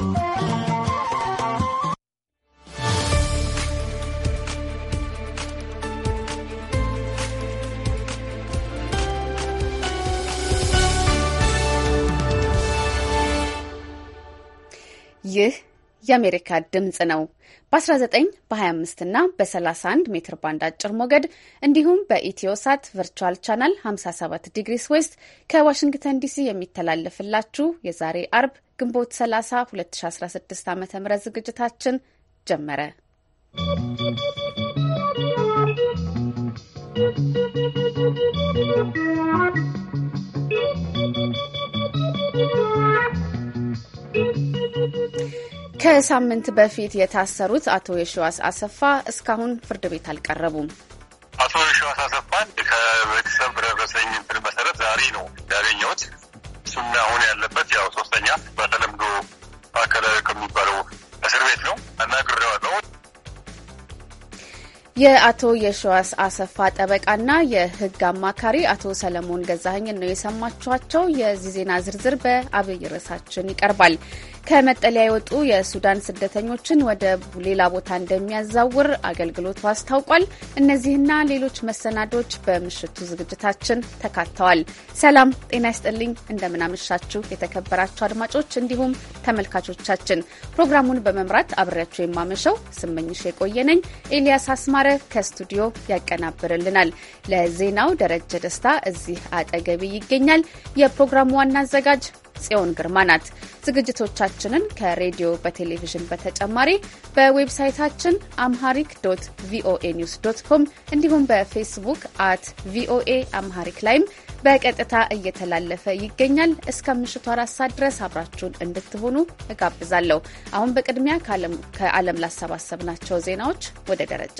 Thank you. የአሜሪካ ድምፅ ነው። በ19 በ25 እና በ31 ሜትር ባንድ አጭር ሞገድ እንዲሁም በኢትዮሳት ቨርቹዋል ቻናል 57 ዲግሪስ ዌስት ከዋሽንግተን ዲሲ የሚተላለፍላችሁ የዛሬ አርብ ግንቦት 30 2016 ዓ ም ዝግጅታችን ጀመረ። ¶¶ ከሳምንት በፊት የታሰሩት አቶ የሸዋስ አሰፋ እስካሁን ፍርድ ቤት አልቀረቡም። አቶ የሸዋስ አሰፋን ከቤተሰብ በደረሰኝ እንትን መሰረት ዛሬ ነው ያገኘሁት። እሱና አሁን ያለበት ያው ሶስተኛ በተለምዶ ማዕከላዊ ከሚባለው እስር ቤት ነው እና ግሬዋለሁ የአቶ የሸዋስ አሰፋ ጠበቃና የሕግ አማካሪ አቶ ሰለሞን ገዛኸኝ ነው የሰማችኋቸው። የዚህ ዜና ዝርዝር በአብይ ርዕሳችን ይቀርባል። ከመጠለያ የወጡ የሱዳን ስደተኞችን ወደ ሌላ ቦታ እንደሚያዛውር አገልግሎቱ አስታውቋል። እነዚህና ሌሎች መሰናዶች በምሽቱ ዝግጅታችን ተካተዋል። ሰላም ጤና ይስጥልኝ፣ እንደምናመሻችሁ የተከበራችሁ አድማጮች እንዲሁም ተመልካቾቻችን። ፕሮግራሙን በመምራት አብሬያችሁ የማመሸው ስመኝሽ የቆየ ነኝ። ኤልያስ አስማረ ከስቱዲዮ ያቀናብርልናል። ለዜናው ደረጀ ደስታ እዚህ አጠገቢ ይገኛል። የፕሮግራሙ ዋና አዘጋጅ ጽዮን ግርማ ናት። ዝግጅቶቻችንን ከሬዲዮ በቴሌቪዥን በተጨማሪ በዌብሳይታችን አምሃሪክ ዶት ቪኦኤ ኒውስ ዶት ኮም እንዲሁም በፌስቡክ አት ቪኦኤ አምሃሪክ ላይም በቀጥታ እየተላለፈ ይገኛል። እስከ ምሽቱ አራት ሰዓት ድረስ አብራችሁን እንድትሆኑ እጋብዛለሁ። አሁን በቅድሚያ ከዓለም ላሰባሰብናቸው ዜናዎች ወደ ደረጀ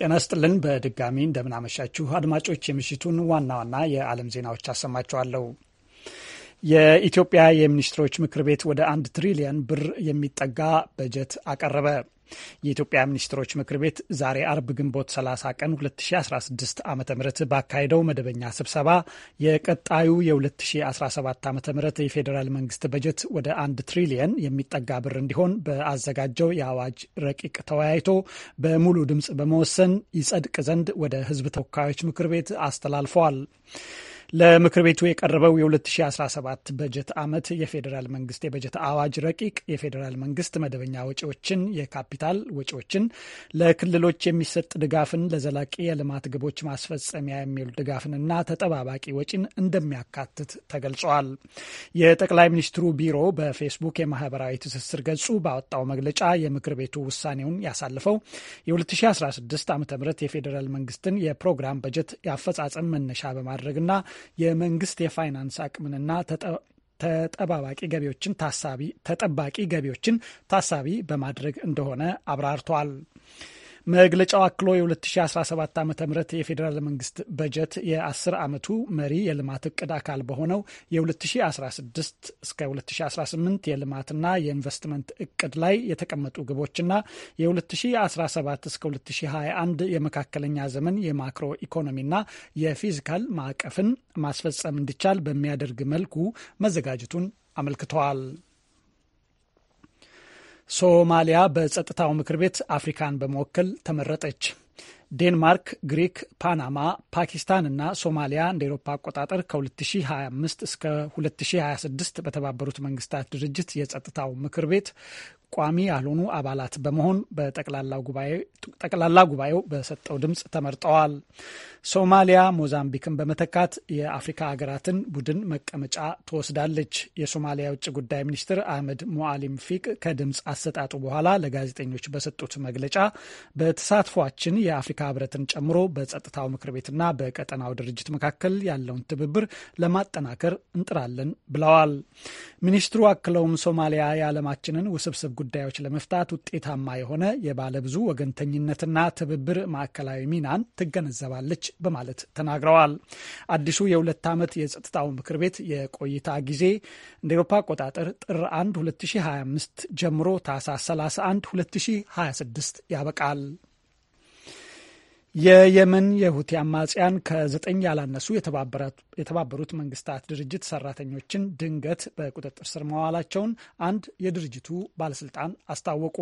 ጤና ስጥልን በድጋሚ እንደምናመሻችሁ አድማጮች፣ የምሽቱን ዋና ዋና የዓለም ዜናዎች አሰማችኋለሁ። የኢትዮጵያ የሚኒስትሮች ምክር ቤት ወደ አንድ ትሪሊየን ብር የሚጠጋ በጀት አቀረበ። የኢትዮጵያ ሚኒስትሮች ምክር ቤት ዛሬ አርብ ግንቦት 30 ቀን 2016 ዓ ም ባካሄደው መደበኛ ስብሰባ የቀጣዩ የ2017 ዓ ም የፌዴራል መንግስት በጀት ወደ አንድ ትሪሊየን የሚጠጋ ብር እንዲሆን በአዘጋጀው የአዋጅ ረቂቅ ተወያይቶ በሙሉ ድምፅ በመወሰን ይጸድቅ ዘንድ ወደ ህዝብ ተወካዮች ምክር ቤት አስተላልፈዋል። ለምክር ቤቱ የቀረበው የ2017 በጀት ዓመት የፌዴራል መንግስት የበጀት አዋጅ ረቂቅ የፌዴራል መንግስት መደበኛ ወጪዎችን፣ የካፒታል ወጪዎችን፣ ለክልሎች የሚሰጥ ድጋፍን፣ ለዘላቂ የልማት ግቦች ማስፈጸሚያ የሚውል ድጋፍንና ተጠባባቂ ወጪን እንደሚያካትት ተገልጿል። የጠቅላይ ሚኒስትሩ ቢሮ በፌስቡክ የማህበራዊ ትስስር ገጹ ባወጣው መግለጫ የምክር ቤቱ ውሳኔውን ያሳለፈው የ2016 ዓ ም የፌዴራል መንግስትን የፕሮግራም በጀት የአፈጻጸም መነሻ በማድረግና የመንግስት የፋይናንስ አቅምንና ተጠባባቂ ገቢዎችን ታሳቢ ተጠባቂ ገቢዎችን ታሳቢ በማድረግ እንደሆነ አብራርቷል። መግለጫው አክሎ የ2017 ዓ ም የፌዴራል መንግስት በጀት የ10 ዓመቱ መሪ የልማት እቅድ አካል በሆነው የ2016 እስከ 2018 የልማትና የኢንቨስትመንት እቅድ ላይ የተቀመጡ ግቦችና የ2017 እስከ 2021 የመካከለኛ ዘመን የማክሮ ኢኮኖሚና የፊዚካል ማዕቀፍን ማስፈጸም እንዲቻል በሚያደርግ መልኩ መዘጋጀቱን አመልክተዋል። ሶማሊያ በጸጥታው ምክር ቤት አፍሪካን በመወከል ተመረጠች። ዴንማርክ፣ ግሪክ፣ ፓናማ፣ ፓኪስታን እና ሶማሊያ እንደ ኤሮፓ አቆጣጠር ከ2025 እስከ 2026 በተባበሩት መንግስታት ድርጅት የጸጥታው ምክር ቤት ቋሚ ያልሆኑ አባላት በመሆን በጠቅላላ ጉባኤው በሰጠው ድምፅ ተመርጠዋል። ሶማሊያ ሞዛምቢክን በመተካት የአፍሪካ ሀገራትን ቡድን መቀመጫ ትወስዳለች። የሶማሊያ የውጭ ጉዳይ ሚኒስትር አህመድ ሞአሊም ፊቅ ከድምፅ አሰጣጡ በኋላ ለጋዜጠኞች በሰጡት መግለጫ በተሳትፏችን የአፍሪካ ህብረትን ጨምሮ በጸጥታው ምክር ቤትና በቀጠናው ድርጅት መካከል ያለውን ትብብር ለማጠናከር እንጥራለን ብለዋል። ሚኒስትሩ አክለውም ሶማሊያ የዓለማችንን ውስብስብ ጉዳዮች ለመፍታት ውጤታማ የሆነ የባለብዙ ወገንተኝነትና ትብብር ማዕከላዊ ሚናን ትገነዘባለች በማለት ተናግረዋል። አዲሱ የሁለት ዓመት የጸጥታው ምክር ቤት የቆይታ ጊዜ እንደ ኤሮፓ አቆጣጠር ጥር 1 2025 ጀምሮ ታህሳስ 31 2026 ያበቃል። የየመን የሁቲ አማጽያን ከዘጠኝ ያላነሱ የተባበሩት መንግስታት ድርጅት ሰራተኞችን ድንገት በቁጥጥር ስር መዋላቸውን አንድ የድርጅቱ ባለስልጣን አስታወቁ።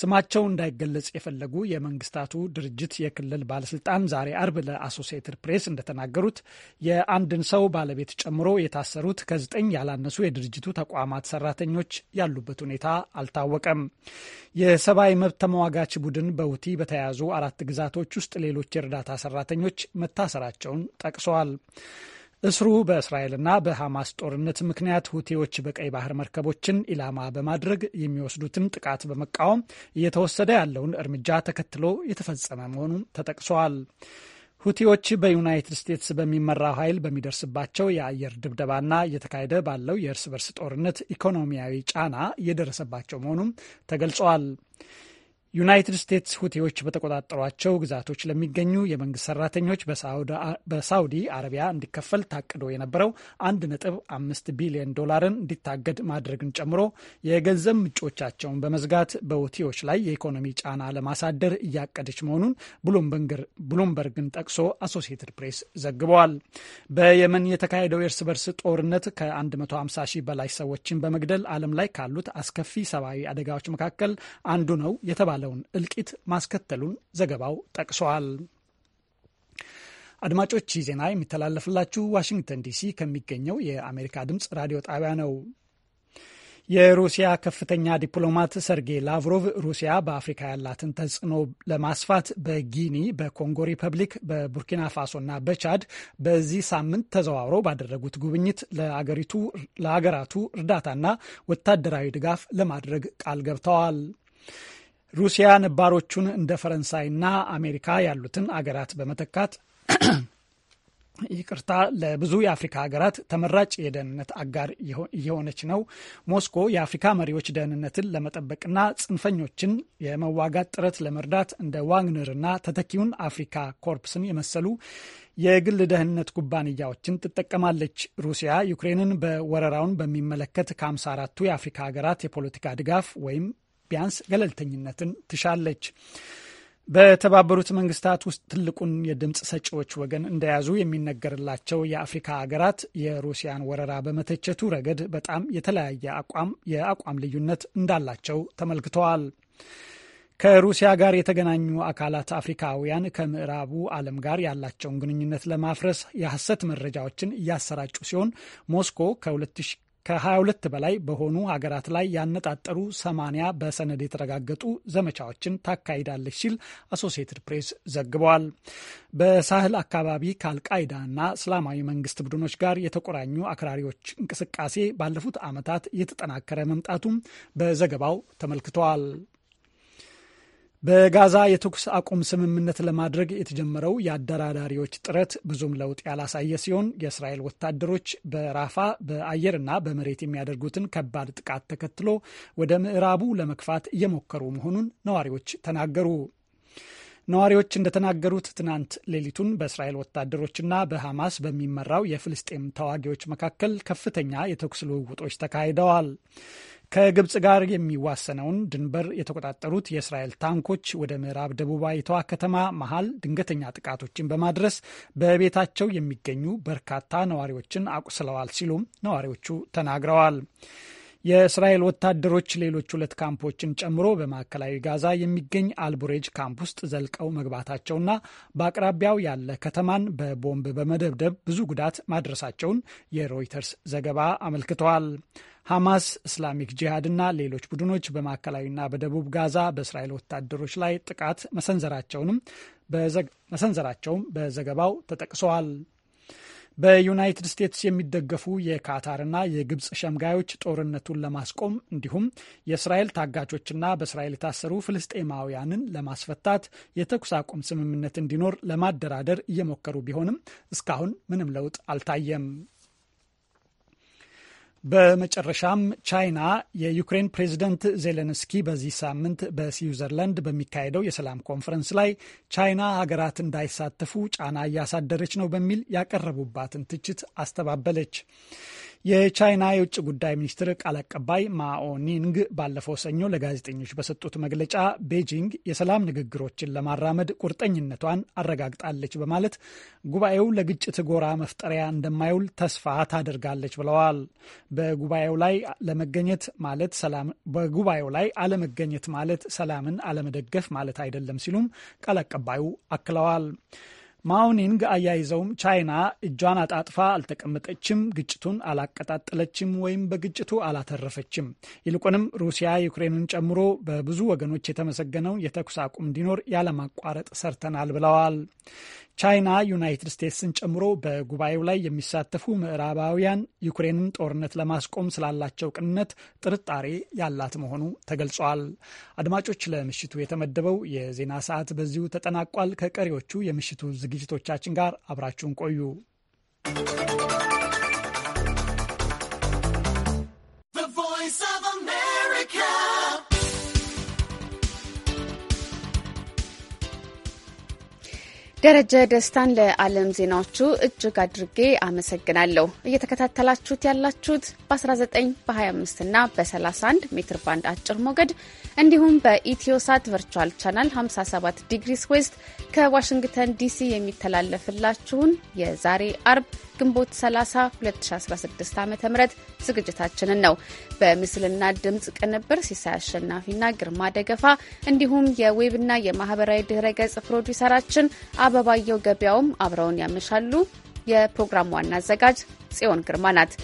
ስማቸው እንዳይገለጽ የፈለጉ የመንግስታቱ ድርጅት የክልል ባለስልጣን ዛሬ አርብ ለአሶሲየትድ ፕሬስ እንደተናገሩት የአንድን ሰው ባለቤት ጨምሮ የታሰሩት ከዘጠኝ ያላነሱ የድርጅቱ ተቋማት ሰራተኞች ያሉበት ሁኔታ አልታወቀም። የሰብአዊ መብት ተሟጋች ቡድን በውቲ በተያያዙ አራት ግዛቶች ውስጥ ሌሎች የእርዳታ ሰራተኞች መታሰራቸውን ጠቅሰዋል። እስሩ በእስራኤልና በሐማስ ጦርነት ምክንያት ሁቴዎች በቀይ ባህር መርከቦችን ኢላማ በማድረግ የሚወስዱትን ጥቃት በመቃወም እየተወሰደ ያለውን እርምጃ ተከትሎ የተፈጸመ መሆኑ ተጠቅሷል። ሁቲዎች በዩናይትድ ስቴትስ በሚመራው ኃይል በሚደርስባቸው የአየር ድብደባና እየተካሄደ ባለው የእርስ በርስ ጦርነት ኢኮኖሚያዊ ጫና እየደረሰባቸው መሆኑም ተገልጿል። ዩናይትድ ስቴትስ ሁቴዎች በተቆጣጠሯቸው ግዛቶች ለሚገኙ የመንግስት ሰራተኞች በሳውዲ አረቢያ እንዲከፈል ታቅዶ የነበረው 1.5 ቢሊዮን ዶላርን እንዲታገድ ማድረግን ጨምሮ የገንዘብ ምንጮቻቸውን በመዝጋት በሁቴዎች ላይ የኢኮኖሚ ጫና ለማሳደር እያቀደች መሆኑን ብሉምበርግን ጠቅሶ አሶሲየትድ ፕሬስ ዘግበዋል። በየመን የተካሄደው የእርስ በርስ ጦርነት ከ150 ሺህ በላይ ሰዎችን በመግደል ዓለም ላይ ካሉት አስከፊ ሰብአዊ አደጋዎች መካከል አንዱ ነው የተባለ የተባለውን እልቂት ማስከተሉን ዘገባው ጠቅሷል። አድማጮች ይህ ዜና የሚተላለፍላችሁ ዋሽንግተን ዲሲ ከሚገኘው የአሜሪካ ድምፅ ራዲዮ ጣቢያ ነው። የሩሲያ ከፍተኛ ዲፕሎማት ሰርጌይ ላቭሮቭ ሩሲያ በአፍሪካ ያላትን ተጽዕኖ ለማስፋት በጊኒ፣ በኮንጎ ሪፐብሊክ፣ በቡርኪና ፋሶ እና በቻድ በዚህ ሳምንት ተዘዋውረው ባደረጉት ጉብኝት ለአገሪቱ ለሀገራቱ እርዳታና ወታደራዊ ድጋፍ ለማድረግ ቃል ገብተዋል። ሩሲያ ነባሮቹን እንደ ፈረንሳይና አሜሪካ ያሉትን አገራት በመተካት ይቅርታ ለብዙ የአፍሪካ ሀገራት ተመራጭ የደህንነት አጋር እየሆነች ነው። ሞስኮ የአፍሪካ መሪዎች ደህንነትን ለመጠበቅና ጽንፈኞችን የመዋጋት ጥረት ለመርዳት እንደ ዋግነርና ተተኪውን አፍሪካ ኮርፕስን የመሰሉ የግል ደህንነት ኩባንያዎችን ትጠቀማለች። ሩሲያ ዩክሬንን በወረራውን በሚመለከት ከ54ቱ የአፍሪካ ሀገራት የፖለቲካ ድጋፍ ወይም ቢያንስ ገለልተኝነትን ትሻለች። በተባበሩት መንግስታት ውስጥ ትልቁን የድምፅ ሰጪዎች ወገን እንደያዙ የሚነገርላቸው የአፍሪካ ሀገራት የሩሲያን ወረራ በመተቸቱ ረገድ በጣም የተለያየ አቋም የአቋም ልዩነት እንዳላቸው ተመልክተዋል። ከሩሲያ ጋር የተገናኙ አካላት አፍሪካውያን ከምዕራቡ ዓለም ጋር ያላቸውን ግንኙነት ለማፍረስ የሐሰት መረጃዎችን እያሰራጩ ሲሆን ሞስኮ ከ ከ22 በላይ በሆኑ ሀገራት ላይ ያነጣጠሩ 80 በሰነድ የተረጋገጡ ዘመቻዎችን ታካሂዳለች ሲል አሶሲየትድ ፕሬስ ዘግበዋል። በሳህል አካባቢ ከአልቃይዳ እና እስላማዊ መንግስት ቡድኖች ጋር የተቆራኙ አክራሪዎች እንቅስቃሴ ባለፉት ዓመታት እየተጠናከረ መምጣቱም በዘገባው ተመልክተዋል። በጋዛ የተኩስ አቁም ስምምነት ለማድረግ የተጀመረው የአደራዳሪዎች ጥረት ብዙም ለውጥ ያላሳየ ሲሆን የእስራኤል ወታደሮች በራፋ በአየርና በመሬት የሚያደርጉትን ከባድ ጥቃት ተከትሎ ወደ ምዕራቡ ለመግፋት እየሞከሩ መሆኑን ነዋሪዎች ተናገሩ። ነዋሪዎች እንደተናገሩት ትናንት ሌሊቱን በእስራኤል ወታደሮችና በሐማስ በሚመራው የፍልስጤም ተዋጊዎች መካከል ከፍተኛ የተኩስ ልውውጦች ተካሂደዋል። ከግብፅ ጋር የሚዋሰነውን ድንበር የተቆጣጠሩት የእስራኤል ታንኮች ወደ ምዕራብ ደቡባዊቷ ከተማ መሀል ድንገተኛ ጥቃቶችን በማድረስ በቤታቸው የሚገኙ በርካታ ነዋሪዎችን አቁስለዋል ሲሉም ነዋሪዎቹ ተናግረዋል። የእስራኤል ወታደሮች ሌሎች ሁለት ካምፖችን ጨምሮ በማዕከላዊ ጋዛ የሚገኝ አልቡሬጅ ካምፕ ውስጥ ዘልቀው መግባታቸውና በአቅራቢያው ያለ ከተማን በቦምብ በመደብደብ ብዙ ጉዳት ማድረሳቸውን የሮይተርስ ዘገባ አመልክተዋል። ሐማስ፣ እስላሚክ ጂሃድና ሌሎች ቡድኖች በማዕከላዊና በደቡብ ጋዛ በእስራኤል ወታደሮች ላይ ጥቃት መሰንዘራቸውም በዘገባው ተጠቅሰዋል። በዩናይትድ ስቴትስ የሚደገፉ የካታርና የግብፅ ሸምጋዮች ጦርነቱን ለማስቆም እንዲሁም የእስራኤል ታጋቾችና በእስራኤል የታሰሩ ፍልስጤማውያንን ለማስፈታት የተኩስ አቁም ስምምነት እንዲኖር ለማደራደር እየሞከሩ ቢሆንም እስካሁን ምንም ለውጥ አልታየም። በመጨረሻም ቻይና የዩክሬን ፕሬዝደንት ዜሌንስኪ በዚህ ሳምንት በስዊዘርላንድ በሚካሄደው የሰላም ኮንፈረንስ ላይ ቻይና ሀገራት እንዳይሳተፉ ጫና እያሳደረች ነው በሚል ያቀረቡባትን ትችት አስተባበለች። የቻይና የውጭ ጉዳይ ሚኒስትር ቃል አቀባይ ማኦ ኒንግ ባለፈው ሰኞ ለጋዜጠኞች በሰጡት መግለጫ ቤጂንግ የሰላም ንግግሮችን ለማራመድ ቁርጠኝነቷን አረጋግጣለች በማለት ጉባኤው ለግጭት ጎራ መፍጠሪያ እንደማይውል ተስፋ ታደርጋለች ብለዋል። በጉባኤው ላይ ለመገኘት ማለት ሰላም በጉባኤው ላይ አለመገኘት ማለት ሰላምን አለመደገፍ ማለት አይደለም ሲሉም ቃል አቀባዩ አክለዋል። ማውኒንግ አያይዘውም ቻይና እጇን አጣጥፋ አልተቀመጠችም፣ ግጭቱን አላቀጣጠለችም ወይም በግጭቱ አላተረፈችም። ይልቁንም ሩሲያ ዩክሬንን ጨምሮ በብዙ ወገኖች የተመሰገነው የተኩስ አቁም እንዲኖር ያለማቋረጥ ሰርተናል ብለዋል። ቻይና ዩናይትድ ስቴትስን ጨምሮ በጉባኤው ላይ የሚሳተፉ ምዕራባውያን ዩክሬንን ጦርነት ለማስቆም ስላላቸው ቅንነት ጥርጣሬ ያላት መሆኑ ተገልጿል። አድማጮች፣ ለምሽቱ የተመደበው የዜና ሰዓት በዚሁ ተጠናቋል። ከቀሪዎቹ የምሽቱ ዝግጅቶቻችን ጋር አብራችሁን ቆዩ። ደረጀ ደስታን ለዓለም ዜናዎቹ እጅግ አድርጌ አመሰግናለሁ። እየተከታተላችሁት ያላችሁት በ19 በ25 እና በ31 ሜትር ባንድ አጭር ሞገድ እንዲሁም በኢትዮሳት ቨርቹዋል ቻናል 57 ዲግሪስ ዌስት ከዋሽንግተን ዲሲ የሚተላለፍላችሁን የዛሬ አርብ ግንቦት 30 2016 ዓ ም ዝግጅታችንን ነው። በምስልና ድምፅ ቅንብር ሲሳይ አሸናፊና ግርማ ደገፋ እንዲሁም የዌብና የማህበራዊ ድህረ ገጽ ፕሮዲውሰራችን አበባየው ገበያውም አብረውን ያመሻሉ። የፕሮግራሙ ዋና አዘጋጅ ጽዮን ግርማ ናት።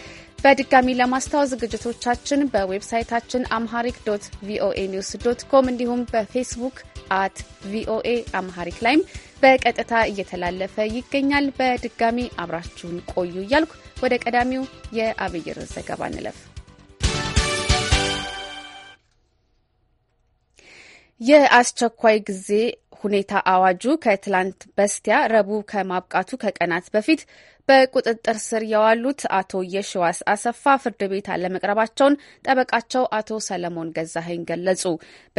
በድጋሚ ለማስታወስ ዝግጅቶቻችን በዌብሳይታችን አምሃሪክ ዶት ቪኦኤ ኒውስ ዶት ኮም እንዲሁም በፌስቡክ አት ቪኦኤ አምሃሪክ ላይም በቀጥታ እየተላለፈ ይገኛል። በድጋሚ አብራችሁን ቆዩ እያልኩ ወደ ቀዳሚው የአብይር ዘገባ እንለፍ። የአስቸኳይ ጊዜ ሁኔታ አዋጁ ከትላንት በስቲያ ረቡዕ ከማብቃቱ ከቀናት በፊት በቁጥጥር ስር የዋሉት አቶ የሸዋስ አሰፋ ፍርድ ቤት አለመቅረባቸውን ጠበቃቸው አቶ ሰለሞን ገዛኸኝ ገለጹ።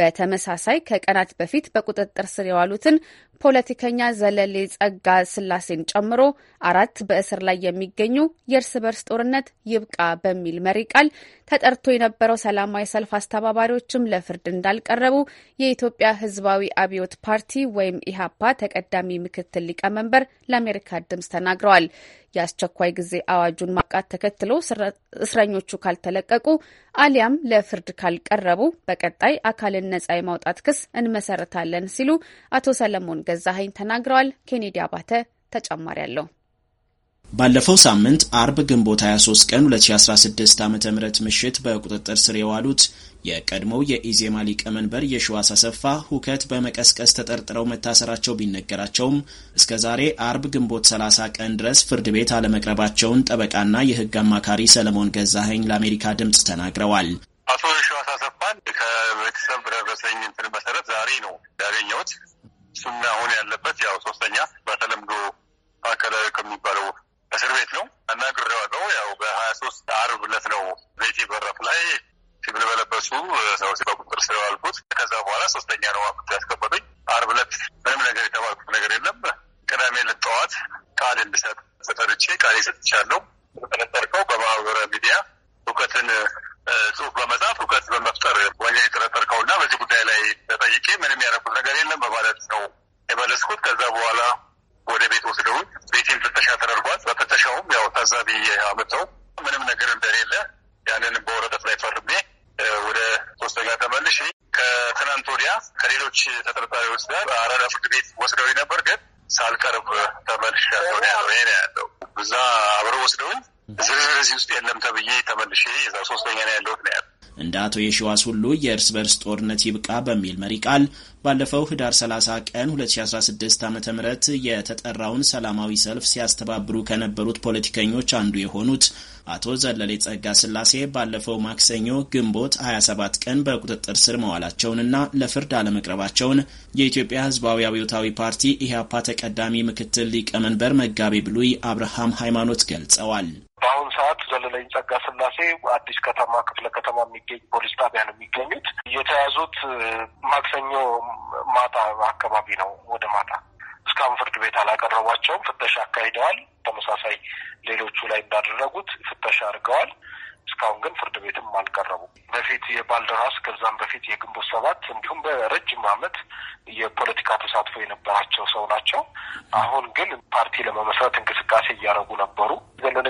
በተመሳሳይ ከቀናት በፊት በቁጥጥር ስር የዋሉትን ፖለቲከኛ ዘለሌ ጸጋ ስላሴን ጨምሮ አራት በእስር ላይ የሚገኙ የእርስ በርስ ጦርነት ይብቃ በሚል መሪ ቃል ተጠርቶ የነበረው ሰላማዊ ሰልፍ አስተባባሪዎችም ለፍርድ እንዳልቀረቡ የኢትዮጵያ ሕዝባዊ አብዮት ፓርቲ ወይም ኢህአፓ ተቀዳሚ ምክትል ሊቀመንበር ለአሜሪካ ድምጽ ተናግረዋል። የአስቸኳይ ጊዜ አዋጁን ማብቃት ተከትሎ እስረኞቹ ካልተለቀቁ አሊያም ለፍርድ ካልቀረቡ በቀጣይ አካልን ነጻ የማውጣት ክስ እንመሰረታለን ሲሉ አቶ ሰለሞን ገዛሀኝ ተናግረዋል። ኬኔዲ አባተ ተጨማሪ አለው። ባለፈው ሳምንት አርብ ግንቦት 23 ቀን 2016 ዓ ም ምሽት በቁጥጥር ስር የዋሉት የቀድሞው የኢዜማ ሊቀመንበር የሸዋስ አሰፋ ሁከት በመቀስቀስ ተጠርጥረው መታሰራቸው ቢነገራቸውም እስከ ዛሬ አርብ ግንቦት 30 ቀን ድረስ ፍርድ ቤት አለመቅረባቸውን ጠበቃና የህግ አማካሪ ሰለሞን ገዛኸኝ ለአሜሪካ ድምፅ ተናግረዋል። አቶ የሺዋስ አሰፋን ከቤተሰብ በደረሰኝ እንትን መሰረት ዛሬ ነው ያገኘሁት። እሱም አሁን ያለበት ያው ሶስተኛ በተለምዶ ዕለት ነው ቤቴ በረፍ ላይ ሲቪል በለበሱ ሰዎች በቁጥጥር ስር ያዋልኩት። ከዛ በኋላ ሶስተኛ ነው አምጥተው ያስቀመጡኝ። ዓርብ ዕለት ምንም ነገር የተባልኩት ነገር የለም። ቅዳሜ ዕለት ጠዋት ቃል እንድሰጥ ተጠርቼ ቃል ሰጥቻለሁ። የሸዋስ ሁሉ የእርስ በርስ ጦርነት ይብቃ በሚል መሪ ቃል ባለፈው ህዳር 30 ቀን 2016 ዓ ም የተጠራውን ሰላማዊ ሰልፍ ሲያስተባብሩ ከነበሩት ፖለቲከኞች አንዱ የሆኑት አቶ ዘለሌ ጸጋ ስላሴ ባለፈው ማክሰኞ ግንቦት 27 ቀን በቁጥጥር ስር መዋላቸውንና ለፍርድ አለመቅረባቸውን የኢትዮጵያ ህዝባዊ አብዮታዊ ፓርቲ ኢህአፓ ተቀዳሚ ምክትል ሊቀመንበር መጋቤ ብሉይ አብርሃም ሃይማኖት ገልጸዋል። በአሁኑ ዘለለኝ ጸጋ ስላሴ አዲስ ከተማ ክፍለ ከተማ የሚገኝ ፖሊስ ጣቢያ ነው የሚገኙት። የተያዙት ማክሰኞ ማታ አካባቢ ነው። ወደ ማታ እስካሁን ፍርድ ቤት አላቀረቧቸውም። ፍተሻ አካሂደዋል። ተመሳሳይ ሌሎቹ ላይ እንዳደረጉት ፍተሻ አድርገዋል። እስካሁን ግን ፍርድ ቤትም አልቀረቡም። በፊት የባልደራስ ከዛም በፊት የግንቦት ሰባት እንዲሁም በረጅም ዓመት የፖለቲካ ተሳትፎ የነበራቸው ሰው ናቸው። አሁን ግን ፓርቲ ለመመስረት እንቅስቃሴ እያደረጉ ነበሩ። ዘለለ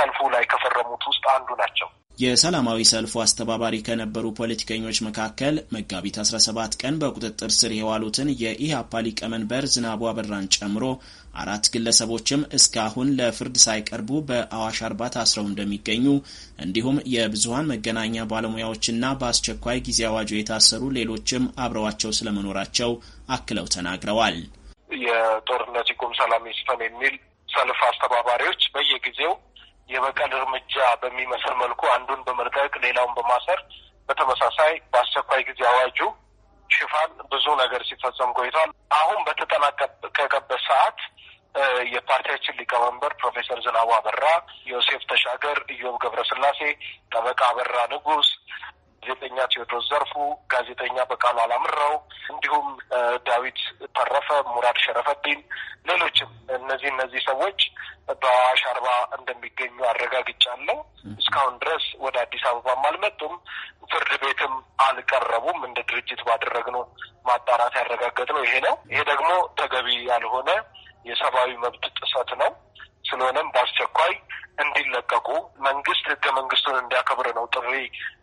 ሰልፉ ላይ ከፈረሙት ውስጥ አንዱ ናቸው። የሰላማዊ ሰልፉ አስተባባሪ ከነበሩ ፖለቲከኞች መካከል መጋቢት 17 ቀን በቁጥጥር ስር የዋሉትን የኢህአፓ ሊቀመንበር ዝናቡ አበራን ጨምሮ አራት ግለሰቦችም እስካሁን ለፍርድ ሳይቀርቡ በአዋሽ አርባ ታስረው እንደሚገኙ እንዲሁም የብዙሀን መገናኛ ባለሙያዎችና በአስቸኳይ ጊዜ አዋጁ የታሰሩ ሌሎችም አብረዋቸው ስለመኖራቸው አክለው ተናግረዋል። የጦርነት ይቁም ሰላም ይስፈን የሚል ሰልፍ አስተባባሪዎች በየጊዜው የበቀል እርምጃ በሚመስል መልኩ አንዱን በመልቀቅ ሌላውን በማሰር በተመሳሳይ በአስቸኳይ ጊዜ አዋጁ ሽፋን ብዙ ነገር ሲፈጸም ቆይቷል። አሁን በተጠናቀቀበት ሰዓት የፓርቲያችን ሊቀመንበር ፕሮፌሰር ዝናቡ አበራ፣ ዮሴፍ ተሻገር፣ ኢዮብ ገብረስላሴ፣ ጠበቃ አበራ ንጉስ፣ ጋዜጠኛ ቴዎድሮስ ዘርፉ፣ ጋዜጠኛ በቃሉ አላምረው፣ እንዲሁም ዳዊት ተረፈ፣ ሙራድ ሸረፈዲን፣ ሌሎችም እነዚህ እነዚህ ሰዎች በአዋሽ አርባ እንደሚገኙ አረጋግጫለሁ። እስካሁን ድረስ ወደ አዲስ አበባም አልመጡም፣ ፍርድ ቤትም አልቀረቡም። እንደ ድርጅት ባደረግነው ማጣራት ያረጋገጥነው ይሄ ነው። ይሄ ደግሞ ተገቢ ያልሆነ የሰብአዊ መብት ጥሰት ነው። ስለሆነም በአስቸኳይ እንዲለቀቁ መንግስት ህገ መንግስቱን እንዲያከብር ነው ጥሪ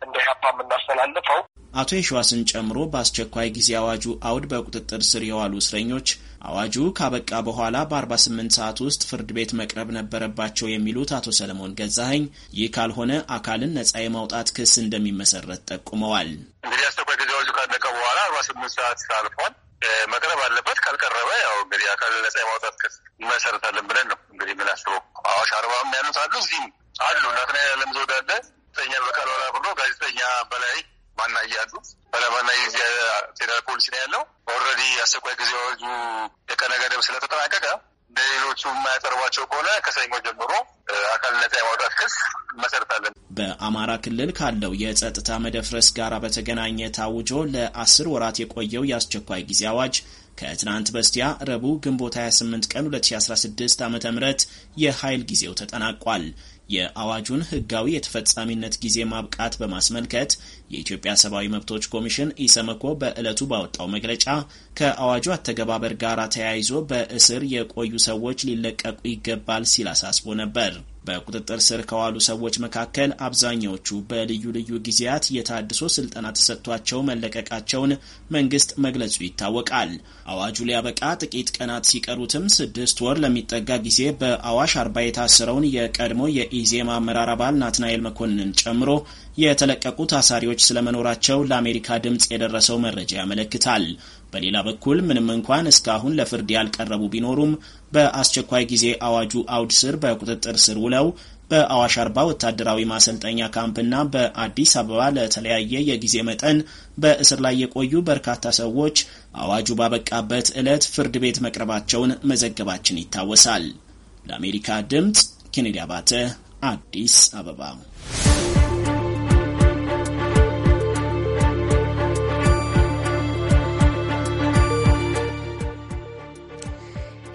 እንደ ኢህአፓ የምናስተላልፈው። አቶ የሸዋስን ጨምሮ በአስቸኳይ ጊዜ አዋጁ አውድ በቁጥጥር ስር የዋሉ እስረኞች አዋጁ ካበቃ በኋላ በ48 ሰዓት ውስጥ ፍርድ ቤት መቅረብ ነበረባቸው የሚሉት አቶ ሰለሞን ገዛኸኝ ይህ ካልሆነ አካልን ነጻ የማውጣት ክስ እንደሚመሰረት ጠቁመዋል። እንግዲህ አስቸኳይ ጊዜ አዋጁ ካለቀ በኋላ 48 ሰዓት አልፏል። መቅረብ አለበት። ካልቀረበ ያው እንግዲህ አካል ነጻ የማውጣት ክስ እንመሰርታለን ብለን ነው እንግዲህ የምናስበው። አዋሽ አርባም ያሉት አሉ፣ እዚህም አሉ። ናትና ያለም ዘውዳለ ጋዜጠኛ በቃል ወላ ብሎ ጋዜጠኛ በላይ ማናየ አሉ። በላይ ማናየ ፌደራል ፖሊስ ነው ያለው። ኦልሬዲ አስቸኳይ ጊዜ አዋጁ የቀነ ገደብ ስለተጠናቀቀ ለሌሎቹ የማያቀርቧቸው ከሆነ ከሰኞ ጀምሮ አካል ነጻ የማውጣት ክስ መሰርታለን። በአማራ ክልል ካለው የጸጥታ መደፍረስ ጋር በተገናኘ ታውጆ ለአስር ወራት የቆየው የአስቸኳይ ጊዜ አዋጅ ከትናንት በስቲያ ረቡዕ ግንቦት 28 ቀን 2016 ዓ ም የኃይል ጊዜው ተጠናቋል። የአዋጁን ህጋዊ የተፈጻሚነት ጊዜ ማብቃት በማስመልከት የኢትዮጵያ ሰብአዊ መብቶች ኮሚሽን ኢሰመኮ በዕለቱ ባወጣው መግለጫ ከአዋጁ አተገባበር ጋር ተያይዞ በእስር የቆዩ ሰዎች ሊለቀቁ ይገባል ሲል አሳስቦ ነበር። በቁጥጥር ስር ከዋሉ ሰዎች መካከል አብዛኛዎቹ በልዩ ልዩ ጊዜያት የታድሶ ስልጠና ተሰጥቷቸው መለቀቃቸውን መንግስት መግለጹ ይታወቃል። አዋጁ ሊያበቃ ጥቂት ቀናት ሲቀሩትም ስድስት ወር ለሚጠጋ ጊዜ በአዋሽ አርባ የታሰረውን የቀድሞ የኢዜማ አመራር አባል ናትናኤል መኮንን ጨምሮ የተለቀቁ ታሳሪዎች ስለመኖራቸው ለአሜሪካ ድምፅ የደረሰው መረጃ ያመለክታል። በሌላ በኩል ምንም እንኳን እስካሁን ለፍርድ ያልቀረቡ ቢኖሩም በአስቸኳይ ጊዜ አዋጁ አውድ ስር በቁጥጥር ስር ውለው በአዋሽ አርባ ወታደራዊ ማሰልጠኛ ካምፕና በአዲስ አበባ ለተለያየ የጊዜ መጠን በእስር ላይ የቆዩ በርካታ ሰዎች አዋጁ ባበቃበት ዕለት ፍርድ ቤት መቅረባቸውን መዘገባችን ይታወሳል። ለአሜሪካ ድምፅ ኬኔዲ አባተ አዲስ አበባ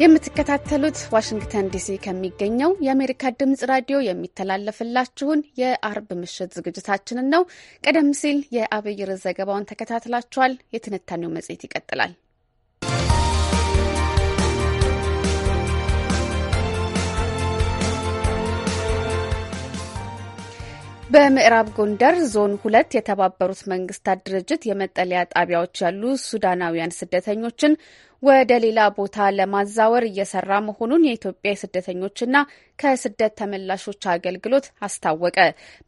የምትከታተሉት ዋሽንግተን ዲሲ ከሚገኘው የአሜሪካ ድምጽ ራዲዮ የሚተላለፍላችሁን የአርብ ምሽት ዝግጅታችንን ነው። ቀደም ሲል የአብይር ዘገባውን ተከታትላችኋል። የትንታኔው መጽሔት ይቀጥላል። በምዕራብ ጎንደር ዞን ሁለት የተባበሩት መንግስታት ድርጅት የመጠለያ ጣቢያዎች ያሉ ሱዳናውያን ስደተኞችን ወደ ሌላ ቦታ ለማዛወር እየሰራ መሆኑን የኢትዮጵያ የስደተኞችና ከስደት ተመላሾች አገልግሎት አስታወቀ።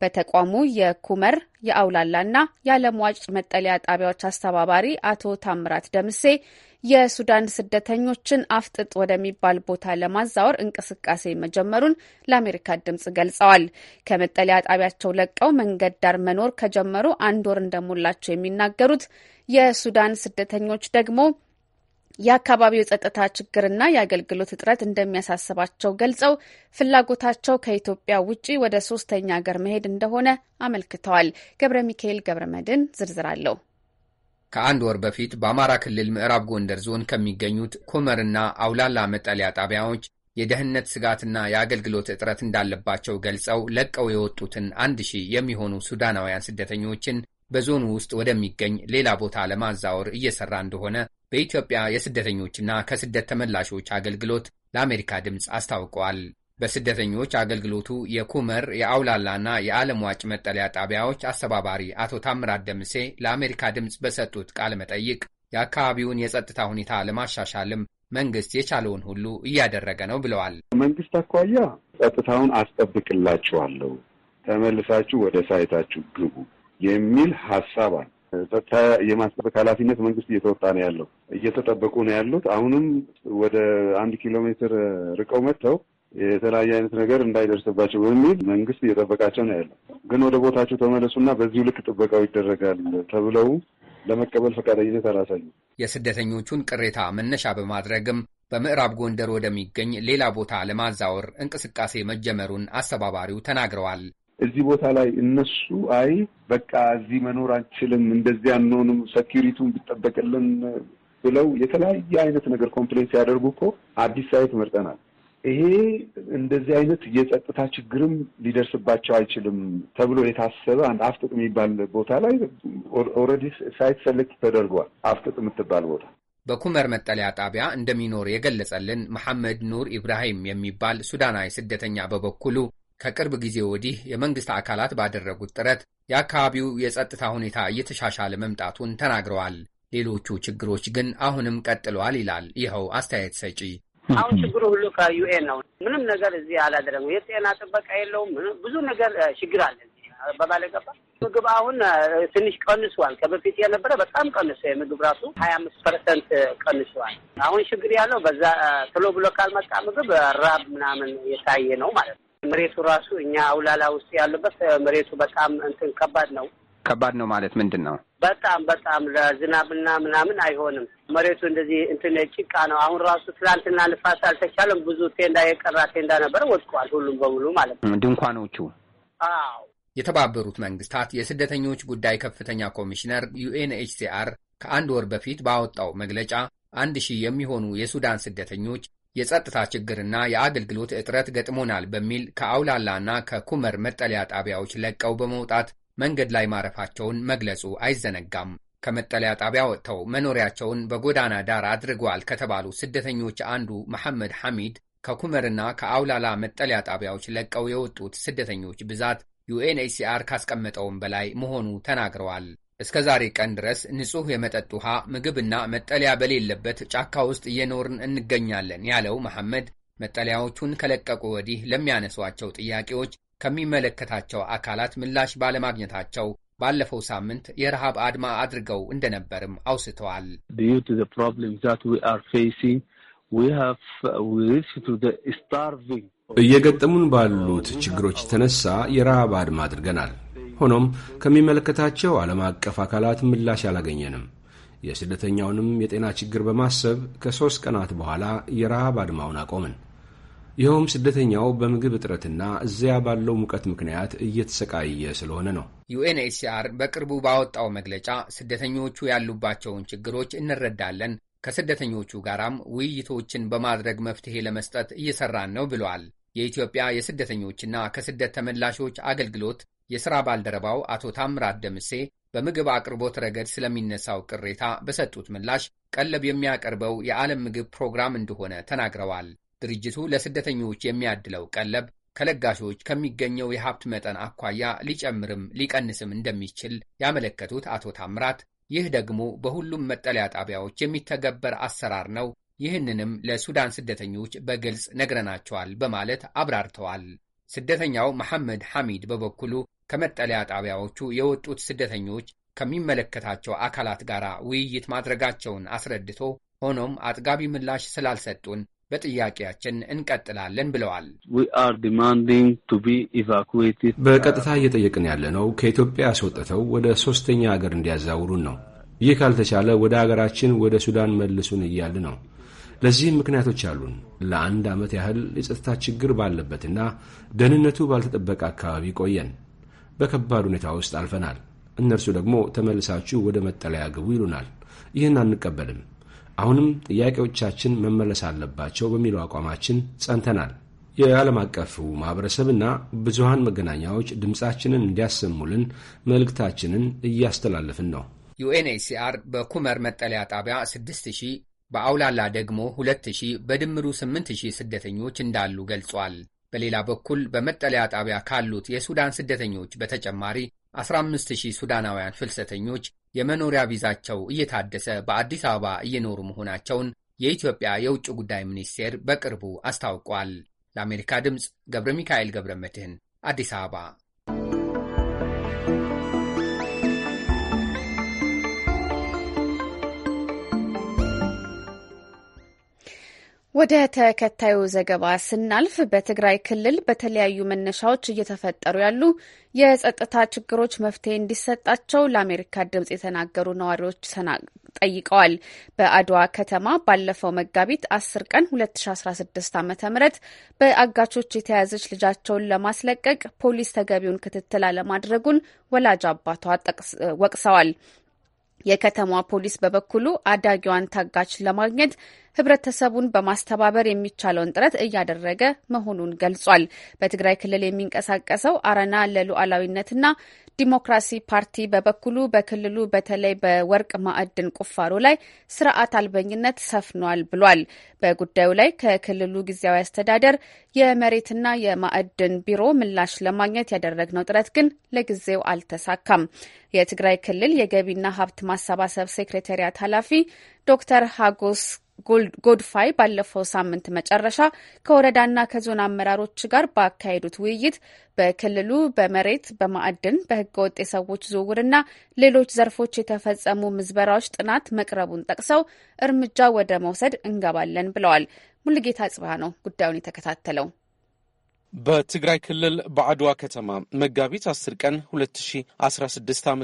በተቋሙ የኩመር የአውላላና የአለም መጠለያ ጣቢያዎች አስተባባሪ አቶ ታምራት ደምሴ የሱዳን ስደተኞችን አፍጥጥ ወደሚባል ቦታ ለማዛወር እንቅስቃሴ መጀመሩን ለአሜሪካ ድምጽ ገልጸዋል። ከመጠለያ ጣቢያቸው ለቀው መንገድ ዳር መኖር ከጀመሩ አንድ ወር እንደሞላቸው የሚናገሩት የሱዳን ስደተኞች ደግሞ የአካባቢው የጸጥታ ችግርና የአገልግሎት እጥረት እንደሚያሳስባቸው ገልጸው ፍላጎታቸው ከኢትዮጵያ ውጪ ወደ ሶስተኛ ሀገር መሄድ እንደሆነ አመልክተዋል። ገብረ ሚካኤል ገብረ መድን ዝርዝር አለው። ከአንድ ወር በፊት በአማራ ክልል ምዕራብ ጎንደር ዞን ከሚገኙት ኮመርና አውላላ መጠለያ ጣቢያዎች የደህንነት ስጋትና የአገልግሎት እጥረት እንዳለባቸው ገልጸው ለቀው የወጡትን አንድ ሺህ የሚሆኑ ሱዳናውያን ስደተኞችን በዞኑ ውስጥ ወደሚገኝ ሌላ ቦታ ለማዛወር እየሰራ እንደሆነ በኢትዮጵያ የስደተኞችና ከስደት ተመላሾች አገልግሎት ለአሜሪካ ድምፅ አስታውቀዋል። በስደተኞች አገልግሎቱ የኩመር የአውላላና የዓለም ዋጭ መጠለያ ጣቢያዎች አስተባባሪ አቶ ታምራት ደምሴ ለአሜሪካ ድምፅ በሰጡት ቃለ መጠይቅ የአካባቢውን የጸጥታ ሁኔታ ለማሻሻልም መንግስት የቻለውን ሁሉ እያደረገ ነው ብለዋል። መንግስት አኳያ ጸጥታውን አስጠብቅላችኋለሁ፣ ተመልሳችሁ ወደ ሳይታችሁ ግቡ የሚል ሀሳብ አለ። ጸጥታ የማስጠበቅ ኃላፊነት መንግስት እየተወጣ ነው ያለው፣ እየተጠበቁ ነው ያሉት። አሁንም ወደ አንድ ኪሎ ሜትር ርቀው መጥተው የተለያየ አይነት ነገር እንዳይደርስባቸው በሚል መንግስት እየጠበቃቸው ነው ያለው። ግን ወደ ቦታቸው ተመለሱና በዚሁ ልክ ጥበቃው ይደረጋል ተብለው ለመቀበል ፈቃደኝነት አላሳዩ። የስደተኞቹን ቅሬታ መነሻ በማድረግም በምዕራብ ጎንደር ወደሚገኝ ሌላ ቦታ ለማዛወር እንቅስቃሴ መጀመሩን አስተባባሪው ተናግረዋል። እዚህ ቦታ ላይ እነሱ አይ በቃ እዚህ መኖር አንችልም፣ እንደዚህ አንሆንም፣ ሰኪሪቱን ቢጠበቅልን ብለው የተለያየ አይነት ነገር ኮምፕሌን ሲያደርጉ እኮ አዲስ ሳይት መርጠናል ይሄ እንደዚህ አይነት የጸጥታ ችግርም ሊደርስባቸው አይችልም ተብሎ የታሰበ አንድ አፍጥጥ የሚባል ቦታ ላይ ኦልሬዲ ሳይት ሰሌክት ተደርጓል። አፍጥጥ የምትባል ቦታ በኩመር መጠለያ ጣቢያ እንደሚኖር የገለጸልን መሐመድ ኑር ኢብራሂም የሚባል ሱዳናዊ ስደተኛ በበኩሉ ከቅርብ ጊዜ ወዲህ የመንግስት አካላት ባደረጉት ጥረት የአካባቢው የጸጥታ ሁኔታ እየተሻሻለ መምጣቱን ተናግረዋል። ሌሎቹ ችግሮች ግን አሁንም ቀጥለዋል ይላል ይኸው አስተያየት ሰጪ። አሁን ችግሩ ሁሉ ከዩኤን ነው። ምንም ነገር እዚህ አላደረግም። የጤና ጥበቃ የለውም። ብዙ ነገር ችግር አለ። በባለ ገባ ምግብ አሁን ትንሽ ቀንሷል። ከበፊት የነበረ በጣም ቀንሶ የምግብ ራሱ ሀያ አምስት ፐርሰንት ቀንሷል። አሁን ችግር ያለው በዛ ቶሎ ብሎ ካልመጣ ምግብ ራብ ምናምን የታየ ነው ማለት ነው። መሬቱ ራሱ እኛ አውላላ ውስጥ ያለበት መሬቱ በጣም እንትን ከባድ ነው። ከባድ ነው ማለት ምንድን ነው? በጣም በጣም ለዝናብና ምናምን አይሆንም። መሬቱ እንደዚህ እንትን ጭቃ ነው። አሁን ራሱ ትናንትና ንፋስ አልተቻለም። ብዙ ቴንዳ የቀራ ቴንዳ ነበር ወድቋል፣ ሁሉም በሙሉ ማለት ነው ድንኳኖቹ። አዎ። የተባበሩት መንግስታት የስደተኞች ጉዳይ ከፍተኛ ኮሚሽነር ዩኤንኤችሲአር ከአንድ ወር በፊት ባወጣው መግለጫ አንድ ሺህ የሚሆኑ የሱዳን ስደተኞች የጸጥታ ችግርና የአገልግሎት እጥረት ገጥሞናል በሚል ከአውላላና ከኩመር መጠለያ ጣቢያዎች ለቀው በመውጣት መንገድ ላይ ማረፋቸውን መግለጹ አይዘነጋም። ከመጠለያ ጣቢያ ወጥተው መኖሪያቸውን በጎዳና ዳር አድርገዋል ከተባሉ ስደተኞች አንዱ መሐመድ ሐሚድ ከኩመርና ከአውላላ መጠለያ ጣቢያዎች ለቀው የወጡት ስደተኞች ብዛት ዩኤንኤችሲአር ካስቀመጠውም በላይ መሆኑ ተናግረዋል። እስከ ዛሬ ቀን ድረስ ንጹሕ የመጠጥ ውሃ፣ ምግብና መጠለያ በሌለበት ጫካ ውስጥ እየኖርን እንገኛለን ያለው መሐመድ መጠለያዎቹን ከለቀቁ ወዲህ ለሚያነሷቸው ጥያቄዎች ከሚመለከታቸው አካላት ምላሽ ባለማግኘታቸው ባለፈው ሳምንት የረሃብ አድማ አድርገው እንደነበርም አውስተዋል። እየገጠሙን ባሉት ችግሮች የተነሳ የረሃብ አድማ አድርገናል። ሆኖም ከሚመለከታቸው ዓለም አቀፍ አካላት ምላሽ አላገኘንም። የስደተኛውንም የጤና ችግር በማሰብ ከሦስት ቀናት በኋላ የረሃብ አድማውን አቆምን። ይኸውም ስደተኛው በምግብ እጥረትና እዚያ ባለው ሙቀት ምክንያት እየተሰቃየ ስለሆነ ነው። ዩኤንኤችሲአር በቅርቡ ባወጣው መግለጫ ስደተኞቹ ያሉባቸውን ችግሮች እንረዳለን፣ ከስደተኞቹ ጋራም ውይይቶችን በማድረግ መፍትሄ ለመስጠት እየሰራን ነው ብለዋል። የኢትዮጵያ የስደተኞችና ከስደት ተመላሾች አገልግሎት የሥራ ባልደረባው አቶ ታምራት ደምሴ በምግብ አቅርቦት ረገድ ስለሚነሳው ቅሬታ በሰጡት ምላሽ ቀለብ የሚያቀርበው የዓለም ምግብ ፕሮግራም እንደሆነ ተናግረዋል። ድርጅቱ ለስደተኞች የሚያድለው ቀለብ ከለጋሾች ከሚገኘው የሀብት መጠን አኳያ ሊጨምርም ሊቀንስም እንደሚችል ያመለከቱት አቶ ታምራት ይህ ደግሞ በሁሉም መጠለያ ጣቢያዎች የሚተገበር አሰራር ነው፣ ይህንንም ለሱዳን ስደተኞች በግልጽ ነግረናቸዋል በማለት አብራርተዋል። ስደተኛው መሐመድ ሐሚድ በበኩሉ ከመጠለያ ጣቢያዎቹ የወጡት ስደተኞች ከሚመለከታቸው አካላት ጋር ውይይት ማድረጋቸውን አስረድቶ ሆኖም አጥጋቢ ምላሽ ስላልሰጡን በጥያቄያችን እንቀጥላለን ብለዋል። በቀጥታ እየጠየቅን ያለ ነው ከኢትዮጵያ ያስወጥተው ወደ ሶስተኛ ሀገር እንዲያዛውሩን ነው። ይህ ካልተቻለ ወደ ሀገራችን ወደ ሱዳን መልሱን እያል ነው። ለዚህም ምክንያቶች አሉን። ለአንድ ዓመት ያህል የጸጥታ ችግር ባለበትና ደህንነቱ ባልተጠበቀ አካባቢ ቆየን። በከባድ ሁኔታ ውስጥ አልፈናል። እነርሱ ደግሞ ተመልሳችሁ ወደ መጠለያ ግቡ ይሉናል። ይህን አንቀበልም። አሁንም ጥያቄዎቻችን መመለስ አለባቸው በሚለው አቋማችን ጸንተናል። የዓለም አቀፉ ማኅበረሰብና ብዙሃን መገናኛዎች ድምፃችንን እንዲያሰሙልን መልእክታችንን እያስተላለፍን ነው። ዩኤንኤችሲአር በኩመር መጠለያ ጣቢያ 6000 በአውላላ ደግሞ 2000 በድምሩ 8000 ስደተኞች እንዳሉ ገልጿል። በሌላ በኩል በመጠለያ ጣቢያ ካሉት የሱዳን ስደተኞች በተጨማሪ 15000 ሱዳናውያን ፍልሰተኞች የመኖሪያ ቪዛቸው እየታደሰ በአዲስ አበባ እየኖሩ መሆናቸውን የኢትዮጵያ የውጭ ጉዳይ ሚኒስቴር በቅርቡ አስታውቋል። ለአሜሪካ ድምፅ ገብረ ሚካኤል ገብረ መድህን አዲስ አበባ ወደ ተከታዩ ዘገባ ስናልፍ በትግራይ ክልል በተለያዩ መነሻዎች እየተፈጠሩ ያሉ የጸጥታ ችግሮች መፍትሄ እንዲሰጣቸው ለአሜሪካ ድምጽ የተናገሩ ነዋሪዎች ጠይቀዋል። በአድዋ ከተማ ባለፈው መጋቢት 10 ቀን 2016 ዓ ም በአጋቾች የተያዘች ልጃቸውን ለማስለቀቅ ፖሊስ ተገቢውን ክትትል አለማድረጉን ወላጅ አባቷ ወቅሰዋል። የከተማዋ ፖሊስ በበኩሉ አዳጊዋን ታጋች ለማግኘት ህብረተሰቡን በማስተባበር የሚቻለውን ጥረት እያደረገ መሆኑን ገልጿል። በትግራይ ክልል የሚንቀሳቀሰው አረና ለሉዓላዊነትና ዲሞክራሲ ፓርቲ በበኩሉ በክልሉ በተለይ በወርቅ ማዕድን ቁፋሮ ላይ ስርዓት አልበኝነት ሰፍኗል ብሏል። በጉዳዩ ላይ ከክልሉ ጊዜያዊ አስተዳደር የመሬትና የማዕድን ቢሮ ምላሽ ለማግኘት ያደረግነው ጥረት ግን ለጊዜው አልተሳካም። የትግራይ ክልል የገቢና ሀብት ማሰባሰብ ሴክሬታሪያት ኃላፊ ዶክተር ሀጎስ ጎድፋይ ባለፈው ሳምንት መጨረሻ ከወረዳና ከዞን አመራሮች ጋር ባካሄዱት ውይይት በክልሉ በመሬት፣ በማዕድን፣ በህገወጥ የሰዎች ዝውውርና ሌሎች ዘርፎች የተፈጸሙ ምዝበራዎች ጥናት መቅረቡን ጠቅሰው እርምጃ ወደ መውሰድ እንገባለን ብለዋል። ሙልጌታ ጽባህ ነው ጉዳዩን የተከታተለው። በትግራይ ክልል በአድዋ ከተማ መጋቢት 10 ቀን 2016 ዓ ም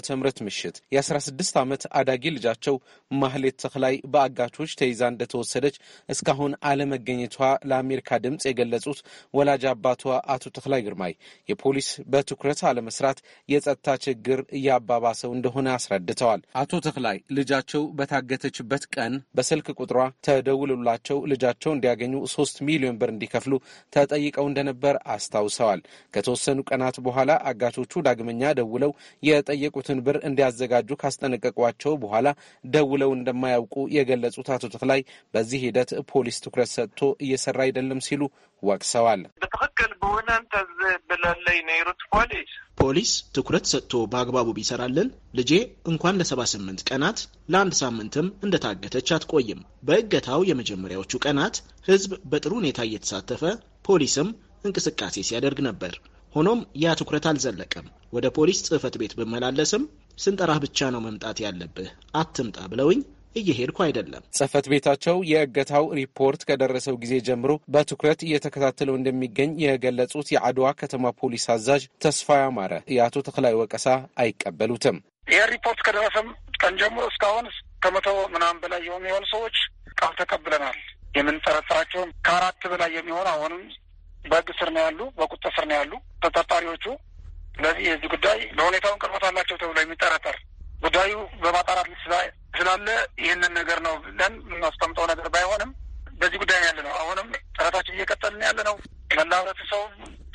ምሽት የ16 ዓመት አዳጊ ልጃቸው ማህሌት ተክላይ በአጋቾች ተይዛ እንደተወሰደች እስካሁን አለመገኘቷ ለአሜሪካ ድምፅ የገለጹት ወላጅ አባቷ አቶ ተክላይ ግርማይ የፖሊስ በትኩረት አለመስራት የጸጥታ ችግር እያባባሰው እንደሆነ አስረድተዋል። አቶ ተክላይ ልጃቸው በታገተችበት ቀን በስልክ ቁጥሯ ተደውሎላቸው ልጃቸው እንዲያገኙ ሶስት ሚሊዮን ብር እንዲከፍሉ ተጠይቀው እንደነበር አስታውሰዋል። ከተወሰኑ ቀናት በኋላ አጋቾቹ ዳግመኛ ደውለው የጠየቁትን ብር እንዲያዘጋጁ ካስጠነቀቋቸው በኋላ ደውለው እንደማያውቁ የገለጹት አቶ ተክላይ በዚህ ሂደት ፖሊስ ትኩረት ሰጥቶ እየሰራ አይደለም ሲሉ ወቅሰዋል። በትክክል በሆነ ብላለይ ነይሩት ፖሊስ ፖሊስ ትኩረት ሰጥቶ በአግባቡ ቢሰራልን ልጄ እንኳን ለሰባ ስምንት ቀናት ለአንድ ሳምንትም እንደታገተች አትቆይም። በእገታው የመጀመሪያዎቹ ቀናት ህዝብ በጥሩ ሁኔታ እየተሳተፈ ፖሊስም እንቅስቃሴ ሲያደርግ ነበር። ሆኖም ያ ትኩረት አልዘለቀም። ወደ ፖሊስ ጽህፈት ቤት ብመላለስም ስንጠራህ ብቻ ነው መምጣት ያለብህ አትምጣ ብለውኝ እየሄድኩ አይደለም። ጽህፈት ቤታቸው የእገታው ሪፖርት ከደረሰው ጊዜ ጀምሮ በትኩረት እየተከታተለው እንደሚገኝ የገለጹት የአድዋ ከተማ ፖሊስ አዛዥ ተስፋ ያማረ የአቶ ተክላይ ወቀሳ አይቀበሉትም። ይህ ሪፖርት ከደረሰም ቀን ጀምሮ እስካሁን ከመቶ ምናምን በላይ የሚሆኑ ሰዎች ቃል ተቀብለናል። የምንጠረጥራቸውም ከአራት በላይ የሚሆን አሁንም በህግ ስር ነው ያሉ፣ በቁጥጥር ስር ነው ያሉ ተጠርጣሪዎቹ። ስለዚህ የዚህ ጉዳይ ለሁኔታውን ቅርበት አላቸው ተብሎ የሚጠረጠር ጉዳዩ በማጣራት ስላለ ይህንን ነገር ነው ብለን የምናስቀምጠው ነገር ባይሆንም በዚህ ጉዳይ ያለ ነው። አሁንም ጥረታችን እየቀጠልን ያለ ነው። መላ ህብረተሰቡ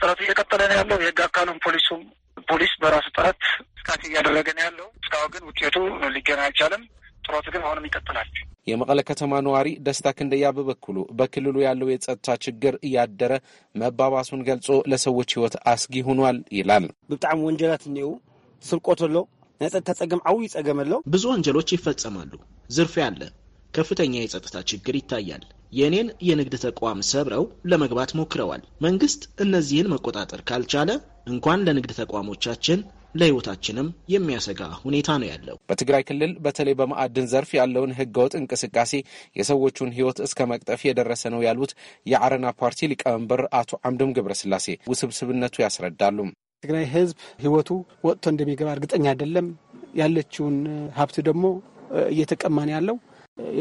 ጥረቱ እየቀጠለ ነው ያለው። የህግ አካሉም ፖሊሱም ፖሊስ በራሱ ጥረት ጥቃት እያደረገ ነው ያለው። እስካሁን ግን ውጤቱ ሊገና አይቻልም። ጥረቱ ግን አሁንም ይቀጥላል። የመቀለ ከተማ ነዋሪ ደስታ ክንደያ በበኩሉ በክልሉ ያለው የጸጥታ ችግር እያደረ መባባሱን ገልጾ ለሰዎች ህይወት አስጊ ሆኗል ይላል። ብጣዕሚ ወንጀላት እኒኤው ስርቆት ኣሎ ናይ ጸጥታ ጸገም ዓብዪ ጸገም ኣሎ። ብዙ ወንጀሎች ይፈጸማሉ። ዝርፊያ አለ። ከፍተኛ የጸጥታ ችግር ይታያል። የእኔን የንግድ ተቋም ሰብረው ለመግባት ሞክረዋል። መንግስት እነዚህን መቆጣጠር ካልቻለ እንኳን ለንግድ ተቋሞቻችን ለህይወታችንም የሚያሰጋ ሁኔታ ነው ያለው። በትግራይ ክልል በተለይ በማዕድን ዘርፍ ያለውን ህገወጥ እንቅስቃሴ የሰዎቹን ህይወት እስከ መቅጠፍ የደረሰ ነው ያሉት የአረና ፓርቲ ሊቀመንበር አቶ አምዶም ገብረስላሴ ውስብስብነቱ ያስረዳሉ። ትግራይ ህዝብ ህይወቱ ወጥቶ እንደሚገባ እርግጠኛ አይደለም። ያለችውን ሀብት ደግሞ እየተቀማን ያለው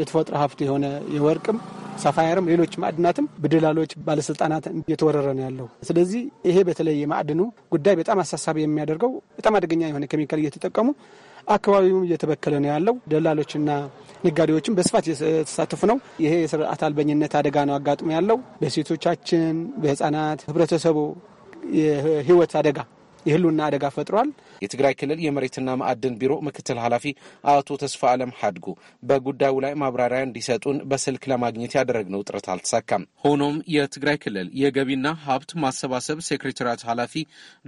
የተፈጥሮ ሀብት የሆነ የወርቅም ሳፋየርም ሌሎች ማዕድናትም በደላሎች ባለስልጣናት እየተወረረ ነው ያለው። ስለዚህ ይሄ በተለይ የማዕድኑ ጉዳይ በጣም አሳሳቢ የሚያደርገው በጣም አደገኛ የሆነ ኬሚካል እየተጠቀሙ አካባቢውም እየተበከለ ነው ያለው። ደላሎችና ነጋዴዎችም በስፋት የተሳተፉ ነው። ይሄ የስርዓት አልበኝነት አደጋ ነው አጋጥሞ ያለው በሴቶቻችን፣ በህፃናት ህብረተሰቡ የህይወት አደጋ የህልውና አደጋ ፈጥሯል። የትግራይ ክልል የመሬትና ማዕድን ቢሮ ምክትል ኃላፊ አቶ ተስፋ አለም ሀድጉ በጉዳዩ ላይ ማብራሪያ እንዲሰጡን በስልክ ለማግኘት ያደረግነው ጥረት አልተሳካም። ሆኖም የትግራይ ክልል የገቢና ሀብት ማሰባሰብ ሴክሬታሪያት ኃላፊ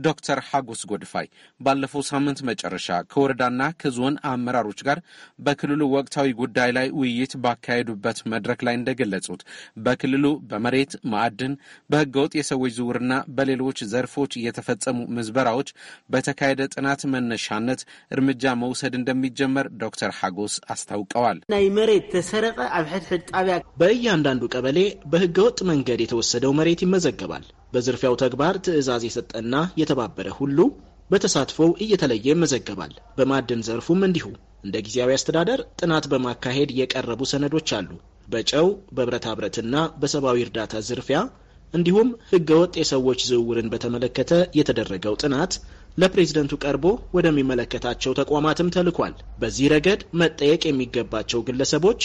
ዶክተር ሀጎስ ጎድፋይ ባለፈው ሳምንት መጨረሻ ከወረዳና ከዞን አመራሮች ጋር በክልሉ ወቅታዊ ጉዳይ ላይ ውይይት ባካሄዱበት መድረክ ላይ እንደገለጹት በክልሉ በመሬት ማዕድን፣ በህገወጥ የሰዎች ዝውውርና በሌሎች ዘርፎች የተፈጸሙ ምዝበራዎች በተካሄደ ጥና ጥናት መነሻነት እርምጃ መውሰድ እንደሚጀመር ዶክተር ሓጎስ አስታውቀዋል። ናይ መሬት ተሰረቀ ኣብ ሕድሕድ ጣብያ በእያንዳንዱ ቀበሌ በህገወጥ መንገድ የተወሰደው መሬት ይመዘገባል። በዝርፊያው ተግባር ትዕዛዝ የሰጠና የተባበረ ሁሉ በተሳትፎው እየተለየ ይመዘገባል። በማዕድን ዘርፉም እንዲሁ እንደ ጊዜያዊ አስተዳደር ጥናት በማካሄድ የቀረቡ ሰነዶች አሉ። በጨው በብረታ ብረትና በሰብአዊ እርዳታ ዝርፊያ እንዲሁም ህገወጥ የሰዎች ዝውውርን በተመለከተ የተደረገው ጥናት ለፕሬዝደንቱ ቀርቦ ወደሚመለከታቸው ተቋማትም ተልኳል። በዚህ ረገድ መጠየቅ የሚገባቸው ግለሰቦች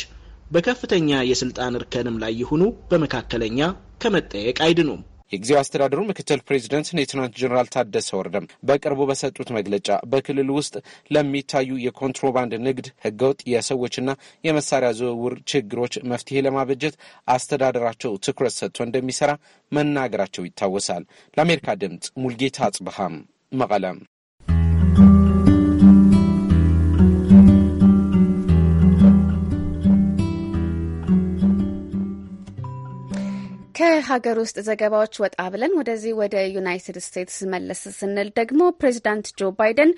በከፍተኛ የስልጣን እርከንም ላይ ይሁኑ በመካከለኛ ከመጠየቅ አይድኑም። የጊዜው አስተዳደሩ ምክትል ፕሬዚደንት ሌትናንት ጀኔራል ታደሰ ወረደም በቅርቡ በሰጡት መግለጫ በክልል ውስጥ ለሚታዩ የኮንትሮባንድ ንግድ፣ ህገወጥ የሰዎችና የመሳሪያ ዝውውር ችግሮች መፍትሄ ለማበጀት አስተዳደራቸው ትኩረት ሰጥቶ እንደሚሰራ መናገራቸው ይታወሳል። ለአሜሪካ ድምጽ ሙልጌታ አጽብሃም መቐለ። ከሀገር ውስጥ ዘገባዎች ወጣ ብለን ወደዚህ ወደ ዩናይትድ ስቴትስ መለስ ስንል ደግሞ ፕሬዚዳንት ጆ ባይደን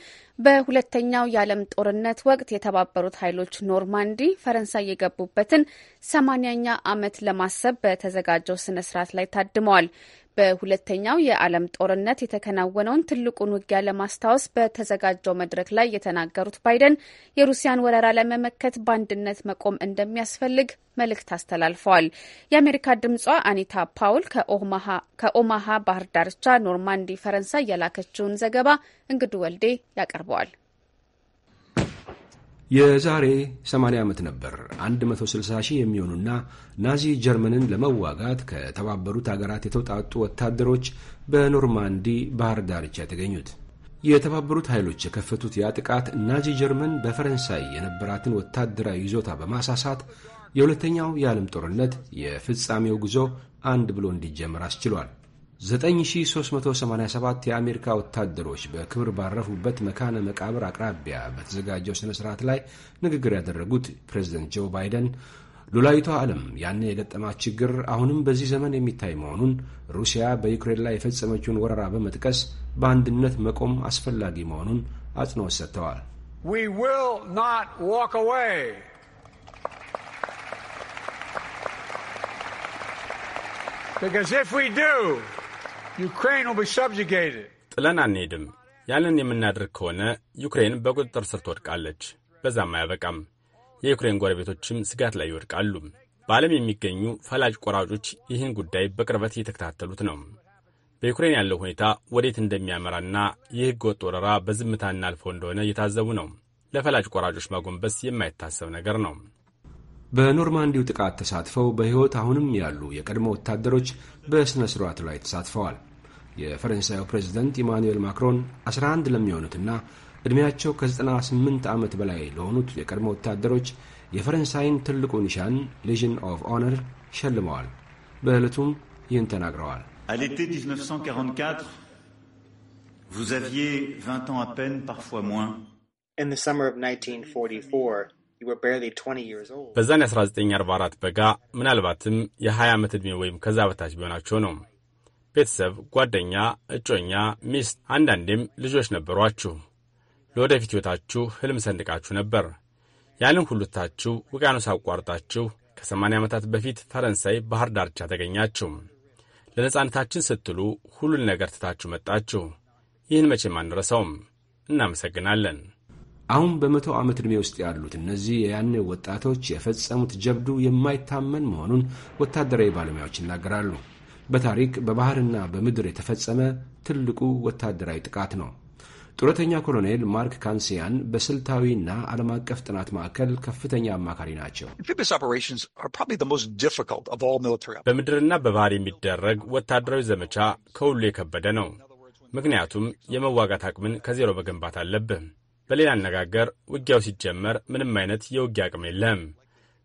በሁለተኛው የዓለም ጦርነት ወቅት የተባበሩት ኃይሎች ኖርማንዲ ፈረንሳይ የገቡበትን ሰማኒያኛ ዓመት ለማሰብ በተዘጋጀው ስነ ስርዓት ላይ ታድመዋል። በሁለተኛው የዓለም ጦርነት የተከናወነውን ትልቁን ውጊያ ለማስታወስ በተዘጋጀው መድረክ ላይ የተናገሩት ባይደን የሩሲያን ወረራ ለመመከት በአንድነት መቆም እንደሚያስፈልግ መልእክት አስተላልፈዋል። የአሜሪካ ድምጿ አኒታ ፓውል ከኦማሃ ባህር ዳርቻ ኖርማንዲ ፈረንሳይ የላከችውን ዘገባ እንግዱ ወልዴ ያቀርበዋል። የዛሬ 80 ዓመት ነበር 160 ሺህ የሚሆኑና ናዚ ጀርመንን ለመዋጋት ከተባበሩት አገራት የተውጣጡ ወታደሮች በኖርማንዲ ባህር ዳርቻ የተገኙት። የተባበሩት ኃይሎች የከፈቱት ያ ጥቃት ናዚ ጀርመን በፈረንሳይ የነበራትን ወታደራዊ ይዞታ በማሳሳት የሁለተኛው የዓለም ጦርነት የፍጻሜው ጉዞ አንድ ብሎ እንዲጀምር አስችሏል። 9387 የአሜሪካ ወታደሮች በክብር ባረፉበት መካነ መቃብር አቅራቢያ በተዘጋጀው ስነ ስርዓት ላይ ንግግር ያደረጉት ፕሬዝደንት ጆ ባይደን ሉላዊቷ ዓለም ያን የገጠማት ችግር አሁንም በዚህ ዘመን የሚታይ መሆኑን ሩሲያ በዩክሬን ላይ የፈጸመችውን ወረራ በመጥቀስ በአንድነት መቆም አስፈላጊ መሆኑን አጽንኦት ሰጥተዋል። Because if we do, ጥለን አንሄድም። ያንን የምናደርግ ከሆነ ዩክሬን በቁጥጥር ስር ትወድቃለች። በዛም አያበቃም። የዩክሬን ጎረቤቶችም ስጋት ላይ ይወድቃሉ። በዓለም የሚገኙ ፈላጭ ቆራጮች ይህን ጉዳይ በቅርበት እየተከታተሉት ነው። በዩክሬን ያለው ሁኔታ ወዴት እንደሚያመራና የሕገ ወጥ ወረራ በዝምታ እናልፈው እንደሆነ እየታዘቡ ነው። ለፈላጭ ቆራጮች ማጎንበስ የማይታሰብ ነገር ነው። በኖርማንዲው ጥቃት ተሳትፈው በሕይወት አሁንም ያሉ የቀድሞ ወታደሮች በሥነ ሥርዓቱ ላይ ተሳትፈዋል። የፈረንሳዩ ፕሬዚደንት ኢማኑኤል ማክሮን 11 ለሚሆኑትና ዕድሜያቸው ከ98 ዓመት በላይ ለሆኑት የቀድሞ ወታደሮች የፈረንሳይን ትልቁ ኒሻን ሌዥን ኦፍ ኦነር ሸልመዋል። በዕለቱም ይህን ተናግረዋል። À vous aviez 20 ans à peine, parfois moins. In the summer of 1944, በዛን የ1944 በጋ ምናልባትም የ20 ዓመት ዕድሜ ወይም ከዛ በታች ቢሆናቸው ነው። ቤተሰብ፣ ጓደኛ፣ እጮኛ፣ ሚስት፣ አንዳንዴም ልጆች ነበሯችሁ። ለወደፊት ሕይወታችሁ ሕልም ሰንድቃችሁ ነበር። ያንን ሁሉ ትታችሁ ውቅያኖስ አቋርጣችሁ ከ80 ዓመታት በፊት ፈረንሳይ ባህር ዳርቻ ተገኛችሁ። ለነጻነታችን ስትሉ ሁሉን ነገር ትታችሁ መጣችሁ። ይህን መቼም አንረሳውም። እናመሰግናለን። አሁን በመቶ ዓመት ዕድሜ ውስጥ ያሉት እነዚህ የያኔ ወጣቶች የፈጸሙት ጀብዱ የማይታመን መሆኑን ወታደራዊ ባለሙያዎች ይናገራሉ። በታሪክ በባህርና በምድር የተፈጸመ ትልቁ ወታደራዊ ጥቃት ነው። ጡረተኛ ኮሎኔል ማርክ ካንሲያን በስልታዊና ዓለም አቀፍ ጥናት ማዕከል ከፍተኛ አማካሪ ናቸው። በምድርና በባህር የሚደረግ ወታደራዊ ዘመቻ ከሁሉ የከበደ ነው። ምክንያቱም የመዋጋት አቅምን ከዜሮ መገንባት አለብህ። በሌላ አነጋገር ውጊያው ሲጀመር ምንም አይነት የውጊያ አቅም የለም።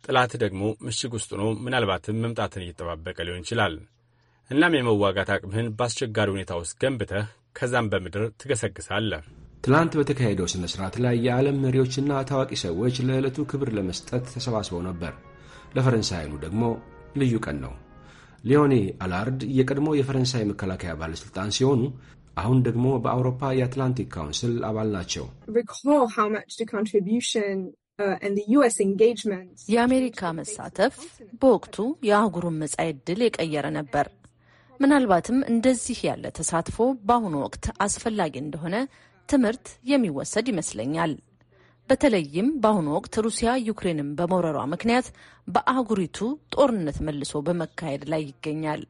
ጥላት ደግሞ ምሽግ ውስጥ ሆኖ ምናልባትም መምጣትን እየተጠባበቀ ሊሆን ይችላል። እናም የመዋጋት አቅምህን በአስቸጋሪ ሁኔታ ውስጥ ገንብተህ ከዛም በምድር ትገሰግሳለህ። ትላንት በተካሄደው ሥነ ሥርዓት ላይ የዓለም መሪዎችና ታዋቂ ሰዎች ለዕለቱ ክብር ለመስጠት ተሰባስበው ነበር። ለፈረንሳይ ኃይሉ ደግሞ ልዩ ቀን ነው። ሊዮኔ አላርድ የቀድሞ የፈረንሳይ መከላከያ ባለሥልጣን ሲሆኑ አሁን ደግሞ በአውሮፓ የአትላንቲክ ካውንስል አባል ናቸው። uh, የአሜሪካ መሳተፍ በወቅቱ የአህጉሩን መጻኢ ዕድል የቀየረ ነበር። ምናልባትም እንደዚህ ያለ ተሳትፎ በአሁኑ ወቅት አስፈላጊ እንደሆነ ትምህርት የሚወሰድ ይመስለኛል። በተለይም በአሁኑ ወቅት ሩሲያ ዩክሬንን በመውረሯ ምክንያት በአህጉሪቱ ጦርነት መልሶ በመካሄድ ላይ ይገኛል።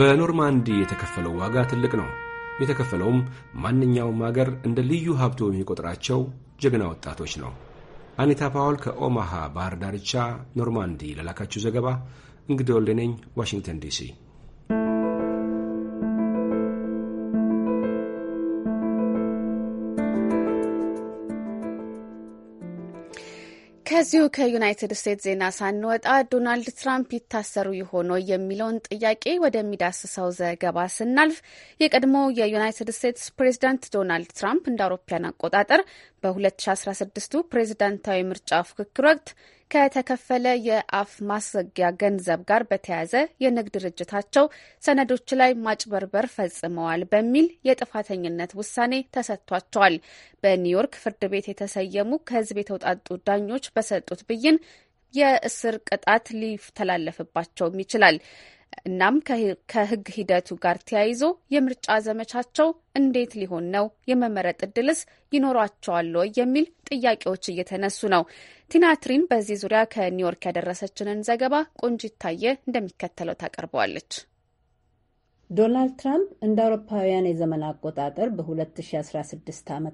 በኖርማንዲ የተከፈለው ዋጋ ትልቅ ነው። የተከፈለውም ማንኛውም አገር እንደ ልዩ ሀብቶ የሚቆጥራቸው ጀግና ወጣቶች ነው። አኒታ ፓውል ከኦማሃ ባህር ዳርቻ ኖርማንዲ ለላካችሁ ዘገባ እንግዲህ ወልደነኝ ዋሽንግተን ዲሲ ከዚሁ ከዩናይትድ ስቴትስ ዜና ሳንወጣ ዶናልድ ትራምፕ ይታሰሩ ይሆን የሚለውን ጥያቄ ወደሚዳስሰው ዘገባ ስናልፍ የቀድሞው የዩናይትድ ስቴትስ ፕሬዚዳንት ዶናልድ ትራምፕ እንደ አውሮፓያን አቆጣጠር በ2016ቱ ፕሬዚዳንታዊ ምርጫ ፉክክር ወቅት ከተከፈለ የአፍ ማስዘጊያ ገንዘብ ጋር በተያያዘ የንግድ ድርጅታቸው ሰነዶች ላይ ማጭበርበር ፈጽመዋል በሚል የጥፋተኝነት ውሳኔ ተሰጥቷቸዋል። በኒውዮርክ ፍርድ ቤት የተሰየሙ ከህዝብ የተውጣጡ ዳኞች በሰጡት ብይን የእስር ቅጣት ሊተላለፍባቸውም ይችላል። እናም ከህግ ሂደቱ ጋር ተያይዞ የምርጫ ዘመቻቸው እንዴት ሊሆን ነው? የመመረጥ እድልስ ይኖሯቸዋል ወይ? የሚል ጥያቄዎች እየተነሱ ነው። ቲናትሪን በዚህ ዙሪያ ከኒውዮርክ ያደረሰችንን ዘገባ ቆንጂት ታየ እንደሚከተለው ታቀርበዋለች። ዶናልድ ትራምፕ እንደ አውሮፓውያን የዘመን አቆጣጠር በ2016 ዓ ም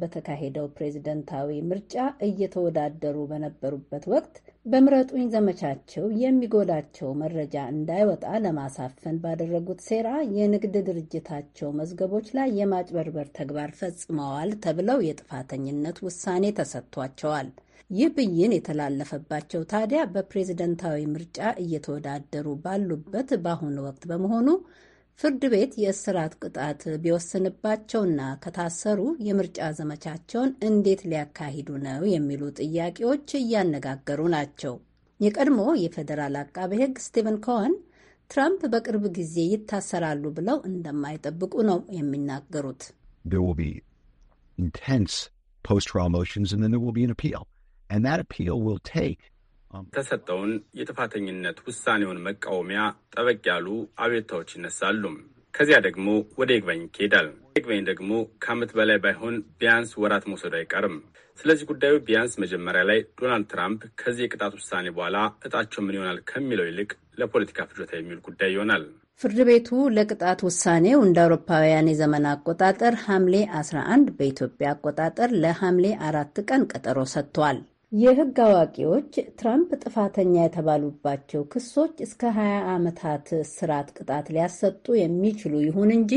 በተካሄደው ፕሬዝደንታዊ ምርጫ እየተወዳደሩ በነበሩበት ወቅት በምረጡኝ ዘመቻቸው የሚጎዳቸው መረጃ እንዳይወጣ ለማሳፈን ባደረጉት ሴራ የንግድ ድርጅታቸው መዝገቦች ላይ የማጭበርበር ተግባር ፈጽመዋል ተብለው የጥፋተኝነት ውሳኔ ተሰጥቷቸዋል። ይህ ብይን የተላለፈባቸው ታዲያ በፕሬዝደንታዊ ምርጫ እየተወዳደሩ ባሉበት በአሁኑ ወቅት በመሆኑ ፍርድ ቤት የእስራት ቅጣት ቢወስንባቸውና ከታሰሩ የምርጫ ዘመቻቸውን እንዴት ሊያካሂዱ ነው የሚሉ ጥያቄዎች እያነጋገሩ ናቸው። የቀድሞ የፌዴራል አቃቤ ሕግ ስቲቨን ኮን ትራምፕ በቅርብ ጊዜ ይታሰራሉ ብለው እንደማይጠብቁ ነው የሚናገሩት። የተሰጠውን um, የጥፋተኝነት ውሳኔውን መቃወሚያ ጠበቅ ያሉ አቤታዎች ይነሳሉ። ከዚያ ደግሞ ወደ ይግባኝ ይካሄዳል። ይግባኝ ደግሞ ከዓመት በላይ ባይሆን ቢያንስ ወራት መውሰዱ አይቀርም። ስለዚህ ጉዳዩ ቢያንስ መጀመሪያ ላይ ዶናልድ ትራምፕ ከዚህ የቅጣት ውሳኔ በኋላ እጣቸው ምን ይሆናል ከሚለው ይልቅ ለፖለቲካ ፍጆታ የሚል ጉዳይ ይሆናል። ፍርድ ቤቱ ለቅጣት ውሳኔው እንደ አውሮፓውያን የዘመን አቆጣጠር ሐምሌ 11 በኢትዮጵያ አቆጣጠር ለሐምሌ አራት ቀን ቀጠሮ ሰጥቷል። የህግ አዋቂዎች ትራምፕ ጥፋተኛ የተባሉባቸው ክሶች እስከ 20 ዓመታት እስራት ቅጣት ሊያሰጡ የሚችሉ ይሁን እንጂ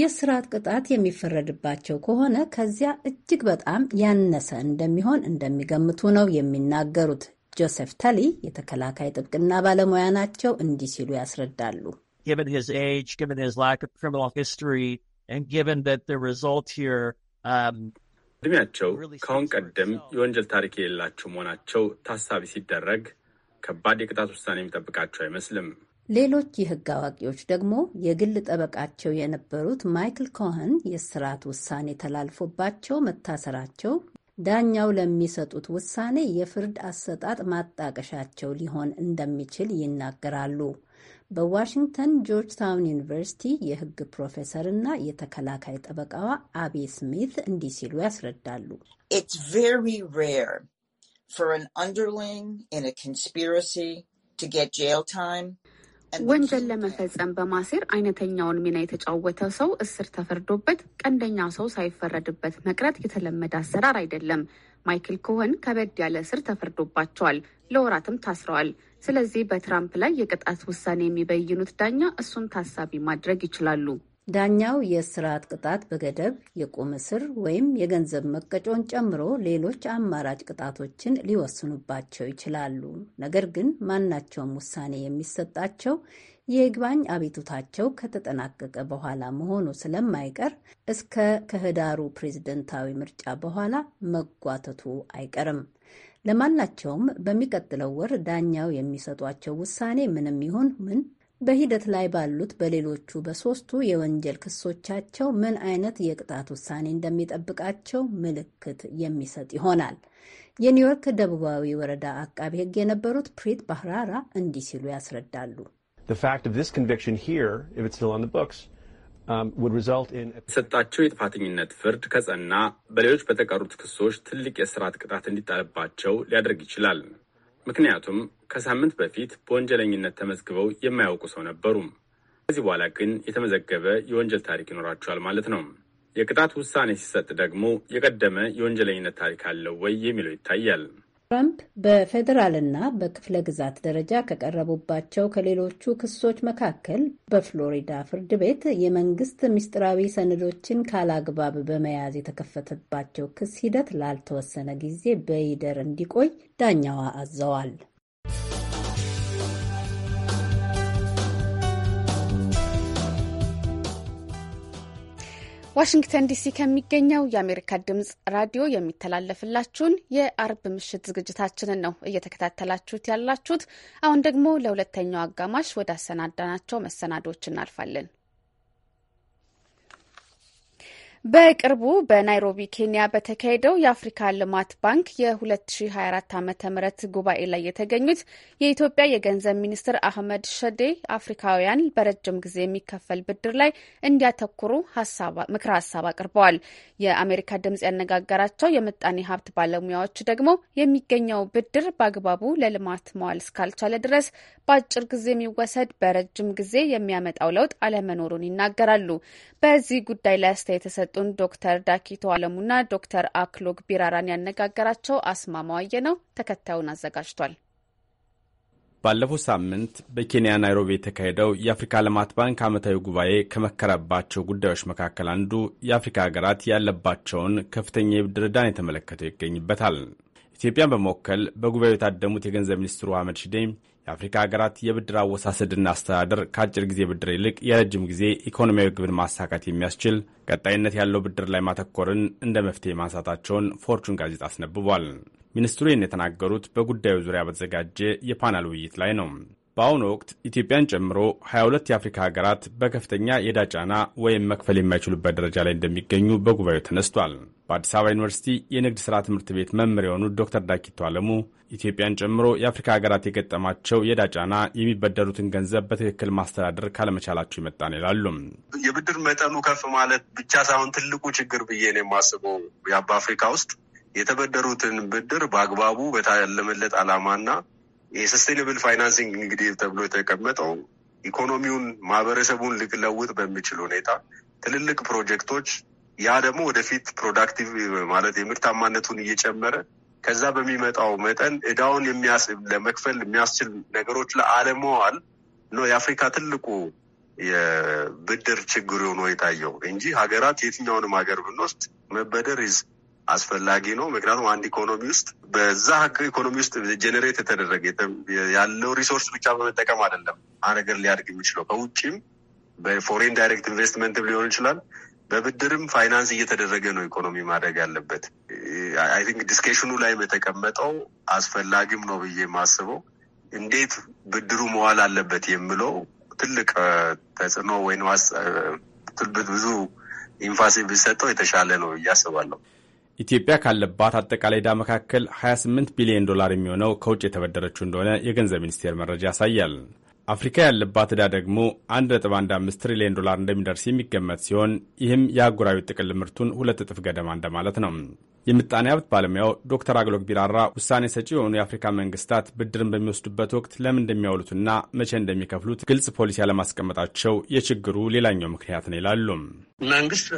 የእስራት ቅጣት የሚፈረድባቸው ከሆነ ከዚያ እጅግ በጣም ያነሰ እንደሚሆን እንደሚገምቱ ነው የሚናገሩት። ጆሴፍ ተሊ የተከላካይ ጥብቅና ባለሙያ ናቸው። እንዲህ ሲሉ ያስረዳሉ። እድሜያቸው ከአሁን ቀደም የወንጀል ታሪክ የሌላቸው መሆናቸው ታሳቢ ሲደረግ ከባድ የቅጣት ውሳኔ የሚጠብቃቸው አይመስልም። ሌሎች የህግ አዋቂዎች ደግሞ የግል ጠበቃቸው የነበሩት ማይክል ኮኸን የስርዓት ውሳኔ ተላልፎባቸው መታሰራቸው ዳኛው ለሚሰጡት ውሳኔ የፍርድ አሰጣጥ ማጣቀሻቸው ሊሆን እንደሚችል ይናገራሉ። በዋሽንግተን ጆርጅ ታውን ዩኒቨርሲቲ የሕግ ፕሮፌሰር እና የተከላካይ ጠበቃዋ አቤ ስሚት እንዲህ ሲሉ ያስረዳሉ። ወንጀል ለመፈጸም በማሴር አይነተኛውን ሚና የተጫወተ ሰው እስር ተፈርዶበት ቀንደኛ ሰው ሳይፈረድበት መቅረት የተለመደ አሰራር አይደለም። ማይክል ኮሆን ከበድ ያለ እስር ተፈርዶባቸዋል፣ ለወራትም ታስረዋል። ስለዚህ በትራምፕ ላይ የቅጣት ውሳኔ የሚበይኑት ዳኛ እሱን ታሳቢ ማድረግ ይችላሉ። ዳኛው የስርዓት ቅጣት በገደብ የቁም እስር ወይም የገንዘብ መቀጮን ጨምሮ ሌሎች አማራጭ ቅጣቶችን ሊወስኑባቸው ይችላሉ። ነገር ግን ማናቸውም ውሳኔ የሚሰጣቸው የይግባኝ አቤቱታቸው ከተጠናቀቀ በኋላ መሆኑ ስለማይቀር እስከ ከህዳሩ ፕሬዝደንታዊ ምርጫ በኋላ መጓተቱ አይቀርም። ለማናቸውም በሚቀጥለው ወር ዳኛው የሚሰጧቸው ውሳኔ ምንም ይሁን ምን በሂደት ላይ ባሉት በሌሎቹ በሶስቱ የወንጀል ክሶቻቸው ምን አይነት የቅጣት ውሳኔ እንደሚጠብቃቸው ምልክት የሚሰጥ ይሆናል። የኒውዮርክ ደቡባዊ ወረዳ አቃቤ ሕግ የነበሩት ፕሪት ባህራራ እንዲህ ሲሉ ያስረዳሉ። Um, የተሰጣቸው የጥፋተኝነት ፍርድ ከጸና በሌሎች በተቀሩት ክሶች ትልቅ የስርዓት ቅጣት እንዲጣልባቸው ሊያደርግ ይችላል። ምክንያቱም ከሳምንት በፊት በወንጀለኝነት ተመዝግበው የማያውቁ ሰው ነበሩ። ከዚህ በኋላ ግን የተመዘገበ የወንጀል ታሪክ ይኖራቸዋል ማለት ነው። የቅጣት ውሳኔ ሲሰጥ ደግሞ የቀደመ የወንጀለኝነት ታሪክ አለው ወይ የሚለው ይታያል። ትራምፕ በፌዴራልና በክፍለ ግዛት ደረጃ ከቀረቡባቸው ከሌሎቹ ክሶች መካከል በፍሎሪዳ ፍርድ ቤት የመንግስት ምስጢራዊ ሰነዶችን ካላግባብ በመያዝ የተከፈተባቸው ክስ ሂደት ላልተወሰነ ጊዜ በይደር እንዲቆይ ዳኛዋ አዘዋል። ዋሽንግተን ዲሲ ከሚገኘው የአሜሪካ ድምጽ ራዲዮ የሚተላለፍላችሁን የአርብ ምሽት ዝግጅታችንን ነው እየተከታተላችሁት ያላችሁት። አሁን ደግሞ ለሁለተኛው አጋማሽ ወደ አሰናዳናቸው መሰናዶዎች እናልፋለን። በቅርቡ በናይሮቢ ኬንያ በተካሄደው የአፍሪካ ልማት ባንክ የ2024 ዓ ም ጉባኤ ላይ የተገኙት የኢትዮጵያ የገንዘብ ሚኒስትር አህመድ ሸዴ አፍሪካውያን በረጅም ጊዜ የሚከፈል ብድር ላይ እንዲያተኩሩ ምክረ ሀሳብ አቅርበዋል። የአሜሪካ ድምጽ ያነጋገራቸው የምጣኔ ሀብት ባለሙያዎች ደግሞ የሚገኘው ብድር በአግባቡ ለልማት መዋል እስካልቻለ ድረስ በአጭር ጊዜ የሚወሰድ በረጅም ጊዜ የሚያመጣው ለውጥ አለመኖሩን ይናገራሉ። በዚህ ጉዳይ ላይ አስተያየት የሰጡን ዶክተር ዳኪቶ አለሙና ዶክተር አክሎግ ቢራራን ያነጋገራቸው አስማማዋየ ነው። ተከታዩን አዘጋጅቷል። ባለፈው ሳምንት በኬንያ ናይሮቢ የተካሄደው የአፍሪካ ልማት ባንክ ዓመታዊ ጉባኤ ከመከረባቸው ጉዳዮች መካከል አንዱ የአፍሪካ ሀገራት ያለባቸውን ከፍተኛ የብድር ዕዳን የተመለከተው ይገኝበታል። ኢትዮጵያን በመወከል በጉባኤው የታደሙት የገንዘብ ሚኒስትሩ አህመድ ሺዴ የአፍሪካ ሀገራት የብድር አወሳሰድና አስተዳደር ከአጭር ጊዜ ብድር ይልቅ የረጅም ጊዜ ኢኮኖሚያዊ ግብን ማሳካት የሚያስችል ቀጣይነት ያለው ብድር ላይ ማተኮርን እንደ መፍትሄ ማንሳታቸውን ፎርቹን ጋዜጣ አስነብቧል። ሚኒስትሩ ይህን የተናገሩት በጉዳዩ ዙሪያ በተዘጋጀ የፓናል ውይይት ላይ ነው። በአሁኑ ወቅት ኢትዮጵያን ጨምሮ 22 የአፍሪካ ሀገራት በከፍተኛ የዕዳ ጫና ወይም መክፈል የማይችሉበት ደረጃ ላይ እንደሚገኙ በጉባኤው ተነስቷል። በአዲስ አበባ ዩኒቨርሲቲ የንግድ ሥራ ትምህርት ቤት መምህር የሆኑት ዶክተር ዳኪቶ አለሙ ኢትዮጵያን ጨምሮ የአፍሪካ ሀገራት የገጠማቸው የዕዳ ጫና የሚበደሩትን ገንዘብ በትክክል ማስተዳደር ካለመቻላቸው ይመጣ ነው ይላሉ። የብድር መጠኑ ከፍ ማለት ብቻ ሳይሆን ትልቁ ችግር ብዬ ነው የማስበው በአፍሪካ ውስጥ የተበደሩትን ብድር በአግባቡ በታለመለት ዓላማና የሰስቴናብል ፋይናንሲንግ እንግዲህ ተብሎ የተቀመጠው ኢኮኖሚውን ማህበረሰቡን ልለውጥ በሚችል ሁኔታ ትልልቅ ፕሮጀክቶች ያ ደግሞ ወደፊት ፕሮዳክቲቭ ማለት የምርታማነቱን እየጨመረ ከዛ በሚመጣው መጠን እዳውን ለመክፈል የሚያስችል ነገሮች ለአለመዋል ነው የአፍሪካ ትልቁ የብድር ችግር ሆኖ የታየው እንጂ ሀገራት የትኛውንም ሀገር ብንወስድ መበደር አስፈላጊ ነው። ምክንያቱም አንድ ኢኮኖሚ ውስጥ በዛ ኢኮኖሚ ውስጥ ጀኔሬት የተደረገ ያለው ሪሶርስ ብቻ በመጠቀም አይደለም አነገር ሊያድግ የሚችለው ከውጭም በፎሬን ዳይሬክት ኢንቨስትመንትም ሊሆን ይችላል። በብድርም ፋይናንስ እየተደረገ ነው ኢኮኖሚ ማድረግ ያለበት። አይ ቲንክ ዲስከሽኑ ላይ የተቀመጠው አስፈላጊም ነው ብዬ የማስበው እንዴት ብድሩ መዋል አለበት የምለው ትልቅ ተጽዕኖ ወይ ብዙ ኢንፋሲ ቢሰጠው የተሻለ ነው እያስባለሁ። ኢትዮጵያ ካለባት አጠቃላይ ዕዳ መካከል 28 ቢሊዮን ዶላር የሚሆነው ከውጭ የተበደረችው እንደሆነ የገንዘብ ሚኒስቴር መረጃ ያሳያል። አፍሪካ ያለባት ዕዳ ደግሞ 1.15 ትሪሊዮን ዶላር እንደሚደርስ የሚገመት ሲሆን ይህም የአህጉራዊ ጥቅል ምርቱን ሁለት እጥፍ ገደማ እንደማለት ነው። የምጣኔ ሀብት ባለሙያው ዶክተር አክሎግ ቢራራ ውሳኔ ሰጪ የሆኑ የአፍሪካ መንግስታት ብድርን በሚወስዱበት ወቅት ለምን እንደሚያውሉትና መቼ እንደሚከፍሉት ግልጽ ፖሊሲ አለማስቀመጣቸው የችግሩ ሌላኛው ምክንያት ነው ይላሉ። መንግስት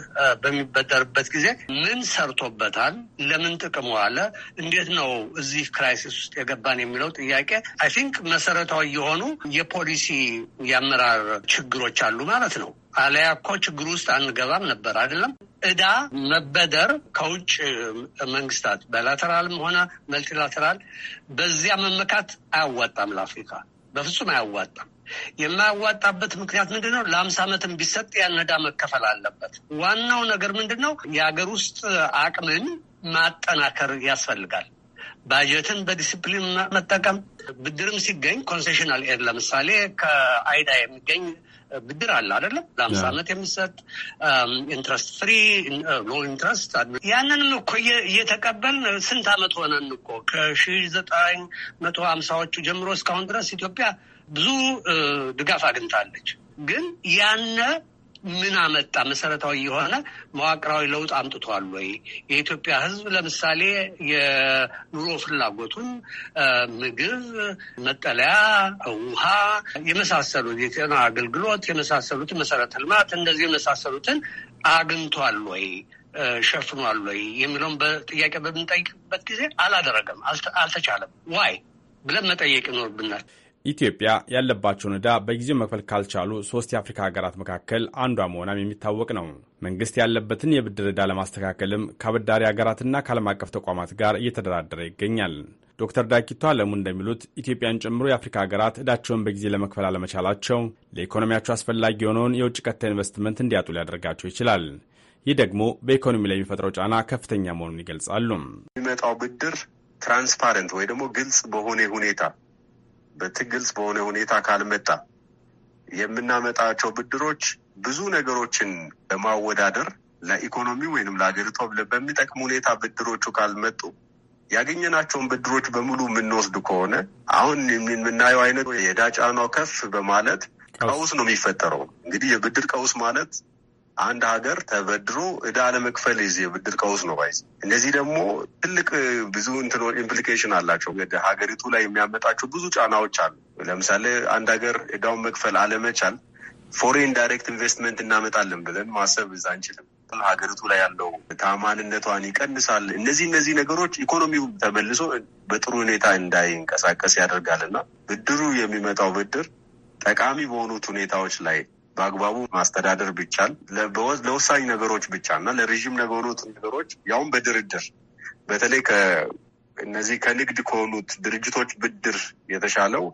በሚበደርበት ጊዜ ምን ሰርቶበታል? ለምን ጥቅሙ አለ? እንዴት ነው እዚህ ክራይሲስ ውስጥ የገባን የሚለው ጥያቄ አይ ቲንክ መሰረታዊ የሆኑ የፖሊሲ የአመራር ችግሮች አሉ ማለት ነው። አለያ እኮ ችግር ውስጥ አንገባም ነበር አይደለም። እዳ መበደር ከውጭ መንግስታት ባይላተራልም ሆነ መልቲላተራል፣ በዚያ መመካት አያዋጣም። ለአፍሪካ በፍጹም አያዋጣም። የማያዋጣበት ምክንያት ምንድን ነው? ለአምሳ ዓመትም ቢሰጥ ያን እዳ መከፈል አለበት። ዋናው ነገር ምንድን ነው? የሀገር ውስጥ አቅምን ማጠናከር ያስፈልጋል። ባጀትን በዲስፕሊን መጠቀም፣ ብድርም ሲገኝ ኮንሴሽናል ኤድ ለምሳሌ ከአይዳ የሚገኝ ብድር አለ አይደለም፣ ለአምሳ ዓመት የሚሰጥ ኢንትረስት ፍሪ ሎ ኢንትረስት። ያንንም እኮ እየተቀበል ስንት ዓመት ሆነን እኮ ከሺ ዘጠኝ መቶ ሀምሳዎቹ ጀምሮ እስካሁን ድረስ ኢትዮጵያ ብዙ uh, ድጋፍ አግኝታለች። ግን ያነ ምን አመጣ? መሰረታዊ የሆነ መዋቅራዊ ለውጥ አምጥቷል ወይ? የኢትዮጵያ ሕዝብ ለምሳሌ የኑሮ ፍላጎቱን ምግብ፣ መጠለያ፣ ውሃ የመሳሰሉት የጤና አገልግሎት የመሳሰሉትን መሰረተ ልማት እንደዚህ የመሳሰሉትን አግኝቷል ወይ ሸፍኗል ወይ የሚለውን በጥያቄ በምንጠይቅበት ጊዜ አላደረገም፣ አልተቻለም ዋይ ብለን መጠየቅ ይኖርብናል። ኢትዮጵያ ያለባቸውን ዕዳ በጊዜው መክፈል ካልቻሉ ሶስት የአፍሪካ ሀገራት መካከል አንዷ መሆናም የሚታወቅ ነው። መንግስት ያለበትን የብድር ዕዳ ለማስተካከልም ከአበዳሪ ሀገራትና ከዓለም አቀፍ ተቋማት ጋር እየተደራደረ ይገኛል። ዶክተር ዳኪቶ አለሙ እንደሚሉት ኢትዮጵያን ጨምሮ የአፍሪካ ሀገራት ዕዳቸውን በጊዜ ለመክፈል አለመቻላቸው ለኢኮኖሚያቸው አስፈላጊ የሆነውን የውጭ ቀጥታ ኢንቨስትመንት እንዲያጡ ሊያደርጋቸው ይችላል። ይህ ደግሞ በኢኮኖሚ ላይ የሚፈጥረው ጫና ከፍተኛ መሆኑን ይገልጻሉ። የሚመጣው ብድር ትራንስፓረንት ወይ ደግሞ ግልጽ በሆነ ሁኔታ በትግልጽ በሆነ ሁኔታ ካልመጣ የምናመጣቸው ብድሮች ብዙ ነገሮችን በማወዳደር ለኢኮኖሚ ወይንም ለሀገሪቷ በሚጠቅም ሁኔታ ብድሮቹ ካልመጡ ያገኘናቸውን ብድሮች በሙሉ የምንወስድ ከሆነ አሁን የምናየው አይነት የዕዳ ጫናው ከፍ በማለት ቀውስ ነው የሚፈጠረው። እንግዲህ የብድር ቀውስ ማለት አንድ ሀገር ተበድሮ እዳ ለመክፈል የዚህ የብድር ቀውስ ነው ባይዝ። እነዚህ ደግሞ ትልቅ ብዙ እንትን ኢምፕሊኬሽን አላቸው። ሀገሪቱ ላይ የሚያመጣቸው ብዙ ጫናዎች አሉ። ለምሳሌ አንድ ሀገር እዳውን መክፈል አለመቻል ፎሬን ዳይሬክት ኢንቨስትመንት እናመጣለን ብለን ማሰብ እዛ አንችልም። ሀገሪቱ ላይ ያለው ታማንነቷን ይቀንሳል። እነዚህ እነዚህ ነገሮች ኢኮኖሚው ተመልሶ በጥሩ ሁኔታ እንዳይንቀሳቀስ ያደርጋል እና ብድሩ የሚመጣው ብድር ጠቃሚ በሆኑት ሁኔታዎች ላይ በአግባቡ ማስተዳደር ብቻል ለወሳኝ ነገሮች ብቻ እና ለረዥም ነገሮት ነገሮች ያውም በድርድር በተለይ እነዚህ ከንግድ ከሆኑት ድርጅቶች ብድር የተሻለው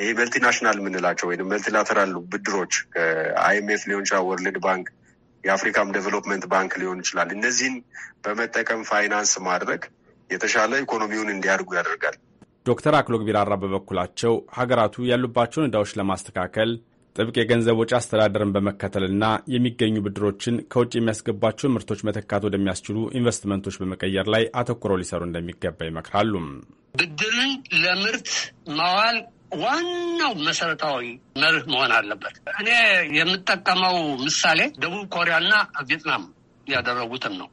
ይሄ መልቲናሽናል የምንላቸው ወይም መልቲላተራል ብድሮች ከአይኤምኤፍ ሊሆን ይችላል፣ ወርልድ ባንክ፣ የአፍሪካም ዴቨሎፕመንት ባንክ ሊሆን ይችላል። እነዚህን በመጠቀም ፋይናንስ ማድረግ የተሻለ ኢኮኖሚውን እንዲያድጉ ያደርጋል። ዶክተር አክሎግ ቢራራ በበኩላቸው ሀገራቱ ያሉባቸውን እዳዎች ለማስተካከል ጥብቅ የገንዘብ ወጪ አስተዳደርን በመከተልና የሚገኙ ብድሮችን ከውጭ የሚያስገቧቸውን ምርቶች መተካት ወደሚያስችሉ ኢንቨስትመንቶች በመቀየር ላይ አተኩረው ሊሰሩ እንደሚገባ ይመክራሉ። ብድርን ለምርት ማዋል ዋናው መሰረታዊ መርህ መሆን አለበት። እኔ የምጠቀመው ምሳሌ ደቡብ ኮሪያና ቪየትናም ያደረጉትን ነው።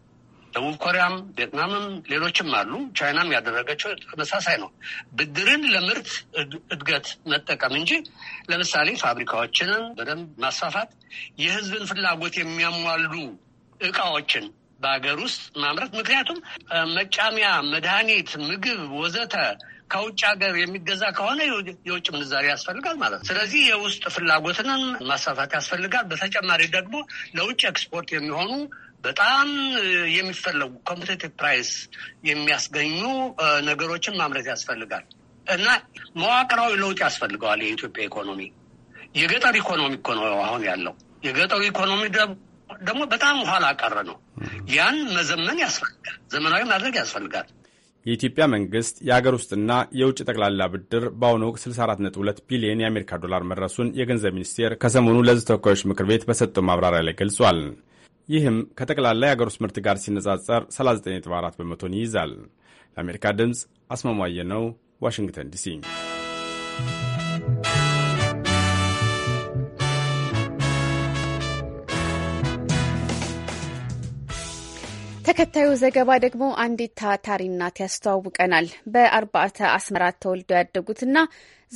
ደቡብ ኮሪያም፣ ቪየትናምም ሌሎችም አሉ። ቻይናም ያደረገችው ተመሳሳይ ነው። ብድርን ለምርት እድገት መጠቀም እንጂ ለምሳሌ ፋብሪካዎችንን በደንብ ማስፋፋት፣ የህዝብን ፍላጎት የሚያሟሉ እቃዎችን በሀገር ውስጥ ማምረት። ምክንያቱም መጫሚያ፣ መድኃኒት፣ ምግብ ወዘተ ከውጭ ሀገር የሚገዛ ከሆነ የውጭ ምንዛሪ ያስፈልጋል ማለት ነው። ስለዚህ የውስጥ ፍላጎትንም ማስፋፋት ያስፈልጋል። በተጨማሪ ደግሞ ለውጭ ኤክስፖርት የሚሆኑ በጣም የሚፈለጉ ኮምፒቴቲቭ ፕራይስ የሚያስገኙ ነገሮችን ማምረት ያስፈልጋል እና መዋቅራዊ ለውጥ ያስፈልገዋል። የኢትዮጵያ ኢኮኖሚ የገጠር ኢኮኖሚ እኮ ነው አሁን ያለው። የገጠሩ ኢኮኖሚ ደግሞ በጣም ኋላ ቀረ ነው። ያን መዘመን ያስፈልጋል፣ ዘመናዊ ማድረግ ያስፈልጋል። የኢትዮጵያ መንግስት የአገር ውስጥና የውጭ ጠቅላላ ብድር በአሁኑ ወቅት 64.2 ቢሊዮን የአሜሪካ ዶላር መድረሱን የገንዘብ ሚኒስቴር ከሰሞኑ ለሕዝብ ተወካዮች ምክር ቤት በሰጠው ማብራሪያ ላይ ገልጿል። ይህም ከጠቅላላ የአገር ውስጥ ምርት ጋር ሲነጻጸር 39.4 በመቶን ይይዛል። ለአሜሪካ ድምፅ አስማማየ ነው፣ ዋሽንግተን ዲሲ። ተከታዩ ዘገባ ደግሞ አንዲት ታታሪ እናት ያስተዋውቀናል። በአርባዕተ አስመራ ተወልደው ያደጉትና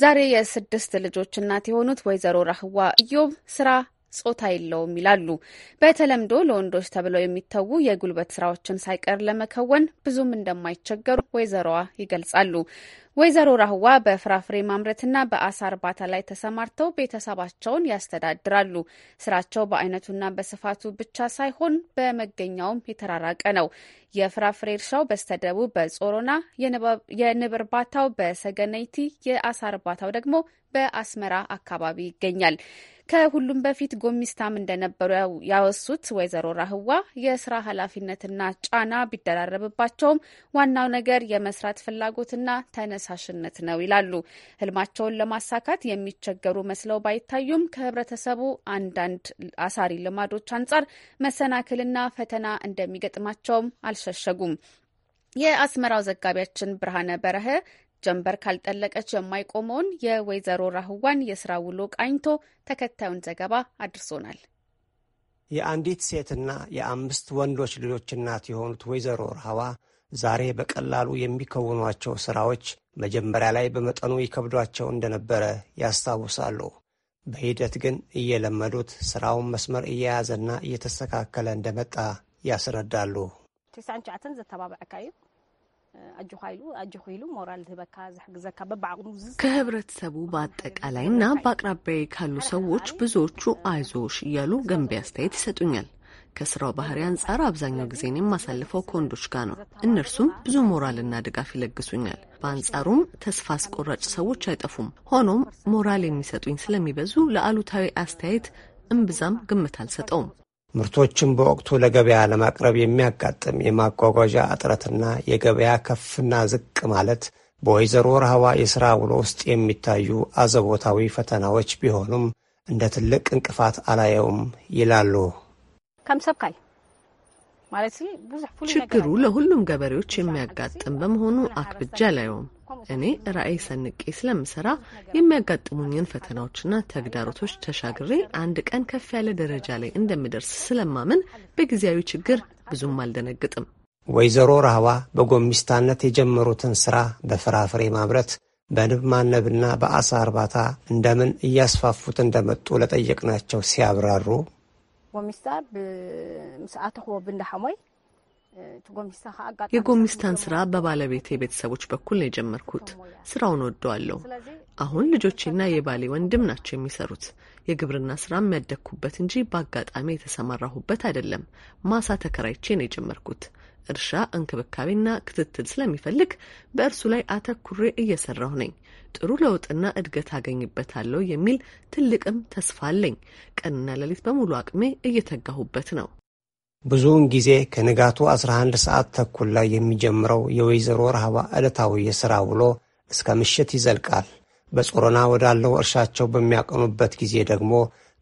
ዛሬ የስድስት ልጆች እናት የሆኑት ወይዘሮ ራህዋ እዮብ ስራ ጾታ የለውም ይላሉ። በተለምዶ ለወንዶች ተብለው የሚተዉ የጉልበት ስራዎችን ሳይቀር ለመከወን ብዙም እንደማይቸገሩ ወይዘሮዋ ይገልጻሉ። ወይዘሮ ራህዋ በፍራፍሬ ማምረትና በአሳ እርባታ ላይ ተሰማርተው ቤተሰባቸውን ያስተዳድራሉ። ስራቸው በአይነቱና በስፋቱ ብቻ ሳይሆን በመገኛውም የተራራቀ ነው። የፍራፍሬ እርሻው በስተደቡብ በጾሮና፣ የንብ እርባታው በሰገነይቲ፣ የአሳ እርባታው ደግሞ በአስመራ አካባቢ ይገኛል። ከሁሉም በፊት ጎሚስታም እንደነበሩ ያወሱት ወይዘሮ ራህዋ የስራ ኃላፊነትና ጫና ቢደራረብባቸውም ዋናው ነገር የመስራት ፍላጎትና ተነሳሽነት ነው ይላሉ። ህልማቸውን ለማሳካት የሚቸገሩ መስለው ባይታዩም ከህብረተሰቡ አንዳንድ አሳሪ ልማዶች አንጻር መሰናክልና ፈተና እንደሚገጥማቸውም አልሸሸጉም። የአስመራው ዘጋቢያችን ብርሃነ በረሀ ጀንበር ካልጠለቀች የማይቆመውን የወይዘሮ ራህዋን የስራ ውሎ ቃኝቶ ተከታዩን ዘገባ አድርሶናል። የአንዲት ሴትና የአምስት ወንዶች ልጆች እናት የሆኑት ወይዘሮ ራህዋ ዛሬ በቀላሉ የሚከውኗቸው ሥራዎች መጀመሪያ ላይ በመጠኑ ይከብዷቸው እንደነበረ ያስታውሳሉ። በሂደት ግን እየለመዱት ሥራውን መስመር እየያዘና እየተስተካከለ እንደመጣ ያስረዳሉ። ከህብረተሰቡ በአጠቃላይ እና በአቅራቢያዬ ካሉ ሰዎች ብዙዎቹ አይዞሽ እያሉ ገንቢ አስተያየት ይሰጡኛል። ከስራው ባህሪ አንጻር አብዛኛው ጊዜን የማሳልፈው ከወንዶች ጋር ነው። እነርሱም ብዙ ሞራልና ድጋፍ ይለግሱኛል። በአንጻሩም ተስፋ አስቆራጭ ሰዎች አይጠፉም። ሆኖም ሞራል የሚሰጡኝ ስለሚበዙ ለአሉታዊ አስተያየት እምብዛም ግምት አልሰጠውም። ምርቶችን በወቅቱ ለገበያ ለማቅረብ የሚያጋጥም የማጓጓዣ እጥረትና የገበያ ከፍና ዝቅ ማለት በወይዘሮ ረሃዋ የሥራ ውሎ ውስጥ የሚታዩ አዘቦታዊ ፈተናዎች ቢሆኑም እንደ ትልቅ እንቅፋት አላየውም ይላሉ። ችግሩ ለሁሉም ገበሬዎች የሚያጋጥም በመሆኑ አክብጃ አላየውም። እኔ ራዕይ ሰንቄ ስለምሰራ የሚያጋጥሙኝን ፈተናዎችና ተግዳሮቶች ተሻግሬ አንድ ቀን ከፍ ያለ ደረጃ ላይ እንደምደርስ ስለማምን በጊዜያዊ ችግር ብዙም አልደነግጥም። ወይዘሮ ራህዋ በጎሚስታነት የጀመሩትን ስራ በፍራፍሬ ማምረት በንብ ማነብና በአሳ እርባታ እንደምን እያስፋፉት እንደመጡ ለጠየቅናቸው ሲያብራሩ ጎሚስታር ብንዳሐሞይ የጎሚስታን ስራ በባለቤቴ ቤተሰቦች በኩል ነው የጀመርኩት። ስራውን ወደዋለሁ። አሁን ልጆቼና የባሌ ወንድም ናቸው የሚሰሩት። የግብርና ስራ የሚያደግኩበት እንጂ በአጋጣሚ የተሰማራሁበት አይደለም። ማሳ ተከራይቼ ነው የጀመርኩት። እርሻ እንክብካቤና ክትትል ስለሚፈልግ በእርሱ ላይ አተኩሬ እየሰራሁ ነኝ። ጥሩ ለውጥና እድገት አገኝበታለሁ የሚል ትልቅም ተስፋ አለኝ። ቀንና ሌሊት በሙሉ አቅሜ እየተጋሁበት ነው። ብዙውን ጊዜ ከንጋቱ 11 ሰዓት ተኩል ላይ የሚጀምረው የወይዘሮ ረሃባ ዕለታዊ የሥራ ውሎ እስከ ምሽት ይዘልቃል። በጾሮና ወዳለው እርሻቸው በሚያቀኑበት ጊዜ ደግሞ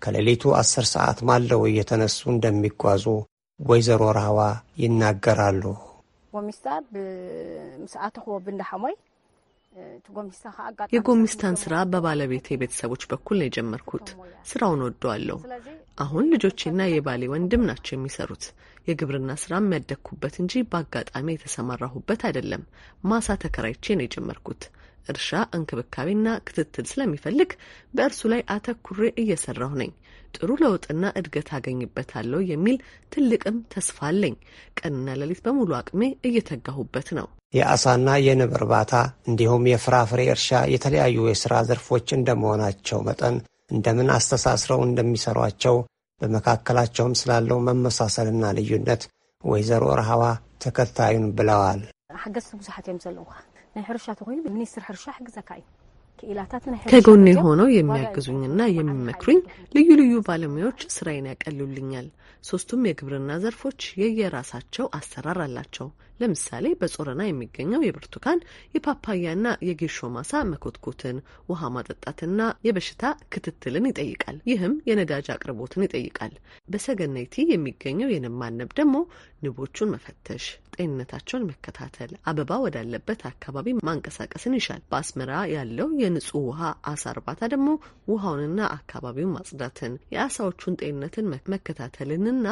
ከሌሊቱ 10 ሰዓት ማለው እየተነሱ እንደሚጓዙ ወይዘሮ ረሃባ ይናገራሉ። የጎሚስታን ስራ በባለቤቴ ቤተሰቦች በኩል ነው የጀመርኩት። ስራውን አለው። አሁን ልጆቼና የባሌ ወንድም ናቸው የሚሰሩት። የግብርና ስራ የሚያደግኩበት እንጂ በአጋጣሚ የተሰማራሁበት አይደለም። ማሳ ተከራይቼ ነው የጀመርኩት። እርሻ እንክብካቤና ክትትል ስለሚፈልግ በእርሱ ላይ አተኩሬ እየሰራሁ ነኝ። ጥሩ ለውጥና እድገት አገኝበታለሁ የሚል ትልቅም ተስፋ አለኝ። ቀንና ሌሊት በሙሉ አቅሜ እየተጋሁበት ነው። የአሳና የንብ እርባታ እንዲሁም የፍራፍሬ እርሻ የተለያዩ የሥራ ዘርፎች እንደመሆናቸው መጠን እንደምን አስተሳስረው እንደሚሰሯቸው በመካከላቸውም ስላለው መመሳሰልና ልዩነት ወይዘሮ ረሃዋ ተከታዩን ብለዋል። ሓገዝቲ ብዙሓት እዮም ዘለውካ ናይ ሕርሻ ተኮይኑ ሚኒስትር ሕርሻ ሕግዘካ እዩ ከጎኔ ሆነው የሚያግዙኝና የሚመክሩኝ ልዩ ልዩ ባለሙያዎች ስራዬን ያቀሉልኛል። ሶስቱም የግብርና ዘርፎች የየራሳቸው አሰራር አላቸው። ለምሳሌ በጾረና የሚገኘው የብርቱካን የፓፓያና የጌሾ ማሳ መኮትኮትን፣ ውሃ ማጠጣትና የበሽታ ክትትልን ይጠይቃል። ይህም የነዳጅ አቅርቦትን ይጠይቃል። በሰገነይቲ የሚገኘው የንብ ማነብ ደግሞ ንቦቹን መፈተሽ፣ ጤንነታቸውን መከታተል፣ አበባ ወዳለበት አካባቢ ማንቀሳቀስን ይሻል። በአስመራ ያለው የንጹህ ውሃ አሳ እርባታ ደግሞ ውሃውንና አካባቢውን ማጽዳትን፣ የአሳዎቹን ጤንነትን መከታተልንና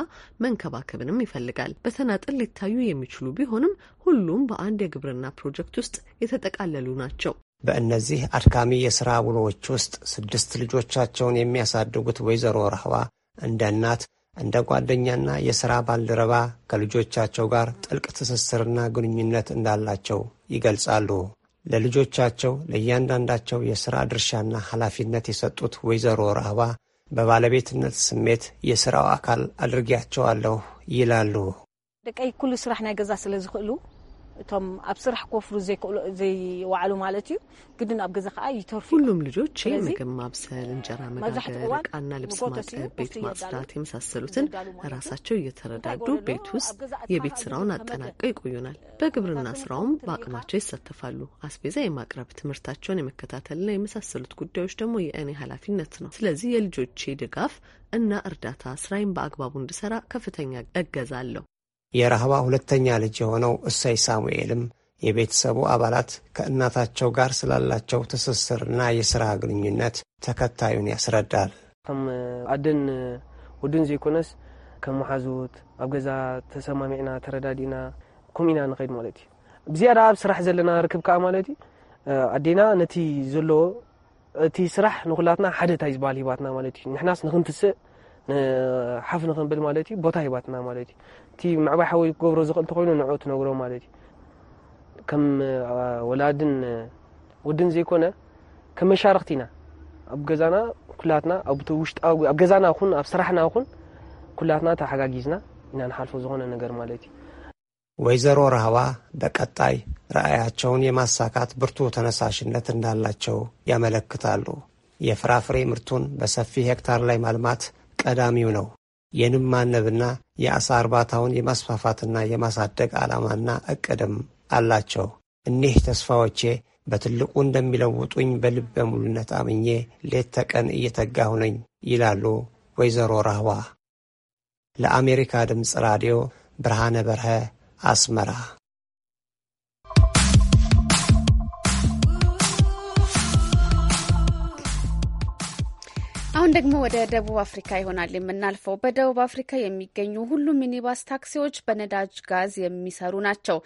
መንከባከብንም ይፈልጋል። በተናጥል ሊታዩ የሚችሉ ቢሆን ቢሆንም ሁሉም በአንድ የግብርና ፕሮጀክት ውስጥ የተጠቃለሉ ናቸው። በእነዚህ አድካሚ የሥራ ውሎዎች ውስጥ ስድስት ልጆቻቸውን የሚያሳድጉት ወይዘሮ ረህዋ እንደ እናት እንደ ጓደኛና የሥራ ባልደረባ ከልጆቻቸው ጋር ጥልቅ ትስስርና ግንኙነት እንዳላቸው ይገልጻሉ። ለልጆቻቸው ለእያንዳንዳቸው የሥራ ድርሻና ኃላፊነት የሰጡት ወይዘሮ ረህባ በባለቤትነት ስሜት የሥራው አካል አድርጌያቸዋለሁ ይላሉ። ደቀይ ኩሉ ስራሕ ናይ ገዛ ስለ ዝኽእሉ እቶም ኣብ ስራሕ ክወፍሩ ዘይዋዕሉ ማለት እዩ ግድን ኣብ ገዛ ከዓ ይተርፉ ሁሉም ልጆች ምግብ ማብሰል እንጀራ መጋገር ቃና ልብስ ማጠብ ቤት ማጽዳት የመሳሰሉትን ራሳቸው እየተረዳዱ ቤት ውስጥ የቤት ስራውን አጠናቀው ይቆዩናል በግብርና ስራውም በአቅማቸው ይሳተፋሉ አስቤዛ የማቅረብ ትምህርታቸውን የመከታተልና የመሳሰሉት ጉዳዮች ደግሞ የእኔ ኃላፊነት ነው ስለዚህ የልጆቼ ድጋፍ እና እርዳታ ስራዬን በአግባቡ እንድሰራ ከፍተኛ እገዛ አለው የረህባ ሁለተኛ ልጅ የሆነው እሰይ ሳሙኤልም የቤተሰቡ አባላት ከእናታቸው ጋር ስላላቸው ትስስርና የሥራ ግንኙነት ተከታዩን ያስረዳል። ከም አደን ውድን ዘይኮነስ ከም መሓዙት ኣብ ገዛ ተሰማሚዕና ተረዳዲና ከምኡ ኢና ንኸይድ ማለት እዩ ብዝያዳ ኣብ ስራሕ ዘለና ርክብ ከዓ ማለት እዩ ኣዴና ነቲ ዘለዎ እቲ ስራሕ ንኩላትና ሓደ ሓደታይ ዝበሃል ሂባትና ማለት እዩ ንሕናስ ንክንትስእ ሓፍ ንክንብል ማለት እዩ ቦታ ሂባትና ማለት እዩ እቲ ምዕባይ ሓወይ ክገብሮ ዝኽእል እተኮይኑ ንዕኡ ትነግሮ ማለት እዩ ከም ወላድን ወድን ዘይኮነ ከም መሻርክቲ ኢና ኣብ ገዛና ኩላትና ኣብ ገዛና ኹን ኣብ ስራሕና ኹን ኩላትና ተሓጋጊዝና ኢና ንሓልፎ ዝኾነ ነገር ማለት እዩ ወይዘሮ ራህባ በቀጣይ ረኣያቸውን የማሳካት ብርቱ ተነሳሽነት እንዳላቸው ያመለክታሉ። የፍራፍሬ ምርቱን በሰፊ ሄክታር ላይ ማልማት ቀዳሚው ነው። የንብ ማነብና የአሳ እርባታውን የማስፋፋትና የማሳደግ ዓላማና እቅድም አላቸው። እኒህ ተስፋዎቼ በትልቁ እንደሚለውጡኝ በልበ ሙሉነት አምኜ ሌት ተቀን እየተጋሁ ነኝ ይላሉ ወይዘሮ ራህዋ። ለአሜሪካ ድምፅ ራዲዮ ብርሃነ በርሀ አስመራ አሁን ደግሞ ወደ ደቡብ አፍሪካ ይሆናል የምናልፈው። በደቡብ አፍሪካ የሚገኙ ሁሉም ሚኒባስ ታክሲዎች በነዳጅ ጋዝ የሚሰሩ ናቸው።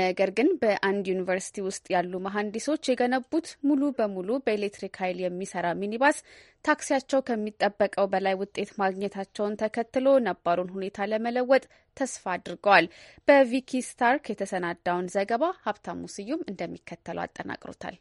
ነገር ግን በአንድ ዩኒቨርሲቲ ውስጥ ያሉ መሐንዲሶች የገነቡት ሙሉ በሙሉ በኤሌክትሪክ ኃይል የሚሰራ ሚኒባስ ታክሲያቸው ከሚጠበቀው በላይ ውጤት ማግኘታቸውን ተከትሎ ነባሩን ሁኔታ ለመለወጥ ተስፋ አድርገዋል። በቪኪ ስታርክ የተሰናዳውን ዘገባ ሀብታሙ ስዩም እንደሚከተለው አጠናቅሮታል።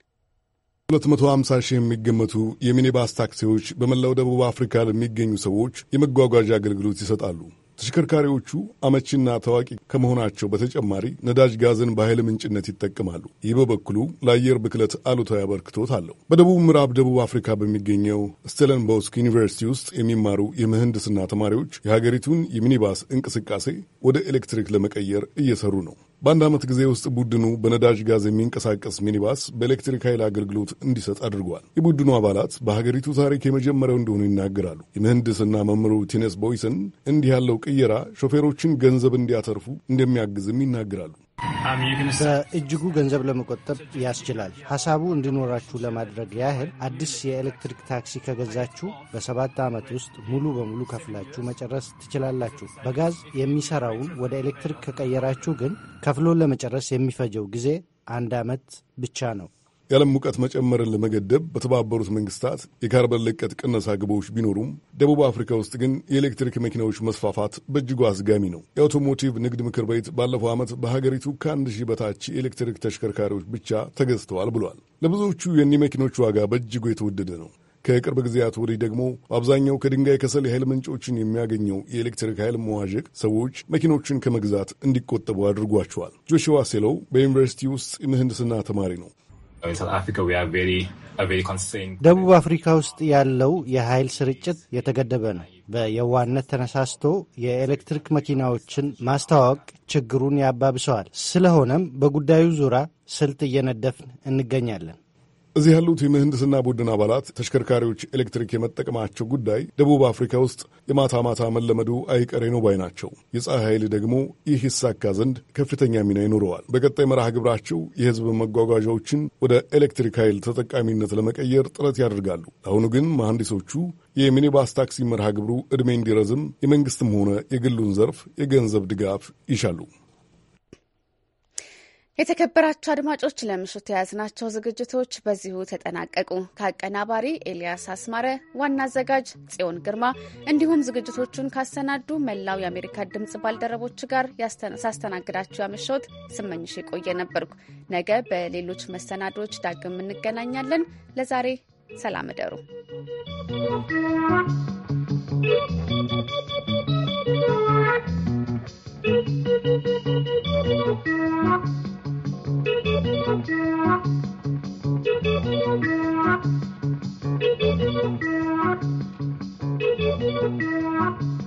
250 ሺህ የሚገመቱ የሚኒባስ ታክሲዎች በመላው ደቡብ አፍሪካ ለሚገኙ ሰዎች የመጓጓዣ አገልግሎት ይሰጣሉ። ተሽከርካሪዎቹ አመቺና ታዋቂ ከመሆናቸው በተጨማሪ ነዳጅ ጋዝን በኃይል ምንጭነት ይጠቀማሉ። ይህ በበኩሉ ለአየር ብክለት አሉታዊ አበርክቶት አለው። በደቡብ ምዕራብ ደቡብ አፍሪካ በሚገኘው ስቴለንቦስክ ዩኒቨርሲቲ ውስጥ የሚማሩ የምህንድስና ተማሪዎች የሀገሪቱን የሚኒባስ እንቅስቃሴ ወደ ኤሌክትሪክ ለመቀየር እየሰሩ ነው። በአንድ ዓመት ጊዜ ውስጥ ቡድኑ በነዳጅ ጋዝ የሚንቀሳቀስ ሚኒባስ በኤሌክትሪክ ኃይል አገልግሎት እንዲሰጥ አድርጓል። የቡድኑ አባላት በሀገሪቱ ታሪክ የመጀመሪያው እንደሆኑ ይናገራሉ። የምህንድስና መምህሩ ቲነስ ቦይሰን እንዲህ ያለው ቅየራ ሾፌሮችን ገንዘብ እንዲያተርፉ እንደሚያግዝም ይናገራሉ። በእጅጉ ገንዘብ ለመቆጠብ ያስችላል። ሐሳቡ እንዲኖራችሁ ለማድረግ ያህል አዲስ የኤሌክትሪክ ታክሲ ከገዛችሁ በሰባት ዓመት ውስጥ ሙሉ በሙሉ ከፍላችሁ መጨረስ ትችላላችሁ። በጋዝ የሚሰራውን ወደ ኤሌክትሪክ ከቀየራችሁ ግን ከፍሎ ለመጨረስ የሚፈጀው ጊዜ አንድ ዓመት ብቻ ነው። የዓለም ሙቀት መጨመርን ለመገደብ በተባበሩት መንግስታት የካርበን ልቀት ቅነሳ ግቦች ቢኖሩም ደቡብ አፍሪካ ውስጥ ግን የኤሌክትሪክ መኪናዎች መስፋፋት በእጅጉ አስጋሚ ነው። የአውቶሞቲቭ ንግድ ምክር ቤት ባለፈው ዓመት በሀገሪቱ ከአንድ ሺህ በታች የኤሌክትሪክ ተሽከርካሪዎች ብቻ ተገዝተዋል ብሏል። ለብዙዎቹ የኒህ መኪኖች ዋጋ በእጅጉ የተወደደ ነው። ከቅርብ ጊዜያት ወዲህ ደግሞ በአብዛኛው ከድንጋይ ከሰል የኃይል ምንጮችን የሚያገኘው የኤሌክትሪክ ኃይል መዋዠቅ ሰዎች መኪኖችን ከመግዛት እንዲቆጠቡ አድርጓቸዋል። ጆሽዋ ሴሎው በዩኒቨርሲቲ ውስጥ ምህንድስና ተማሪ ነው። ደቡብ አፍሪካ ውስጥ ያለው የኃይል ስርጭት የተገደበ ነው። በየዋነት ተነሳስቶ የኤሌክትሪክ መኪናዎችን ማስተዋወቅ ችግሩን ያባብሰዋል። ስለሆነም በጉዳዩ ዙሪያ ስልት እየነደፍን እንገኛለን። እዚህ ያሉት የምህንድስና ቡድን አባላት ተሽከርካሪዎች ኤሌክትሪክ የመጠቀማቸው ጉዳይ ደቡብ አፍሪካ ውስጥ የማታ ማታ መለመዱ አይቀሬ ነው ባይ ናቸው። የፀሐይ ኃይል ደግሞ ይህ ይሳካ ዘንድ ከፍተኛ ሚና ይኖረዋል። በቀጣይ መርሃ ግብራቸው የህዝብ መጓጓዣዎችን ወደ ኤሌክትሪክ ኃይል ተጠቃሚነት ለመቀየር ጥረት ያደርጋሉ። አሁኑ ግን መሐንዲሶቹ የሚኒባስ ታክሲ መርሃ ግብሩ ዕድሜ እንዲረዝም የመንግሥትም ሆነ የግሉን ዘርፍ የገንዘብ ድጋፍ ይሻሉ። የተከበራቸው አድማጮች ለምሽት የያዝናቸው ዝግጅቶች በዚሁ ተጠናቀቁ። ከአቀናባሪ ኤልያስ አስማረ፣ ዋና አዘጋጅ ጽዮን ግርማ እንዲሁም ዝግጅቶቹን ካሰናዱ መላው የአሜሪካ ድምፅ ባልደረቦች ጋር ሳስተናግዳችሁ ያመሸሁት ስመኝሽ የቆየ ነበርኩ። ነገ በሌሎች መሰናዶዎች ዳግም እንገናኛለን። ለዛሬ ሰላም እደሩ። Thank you.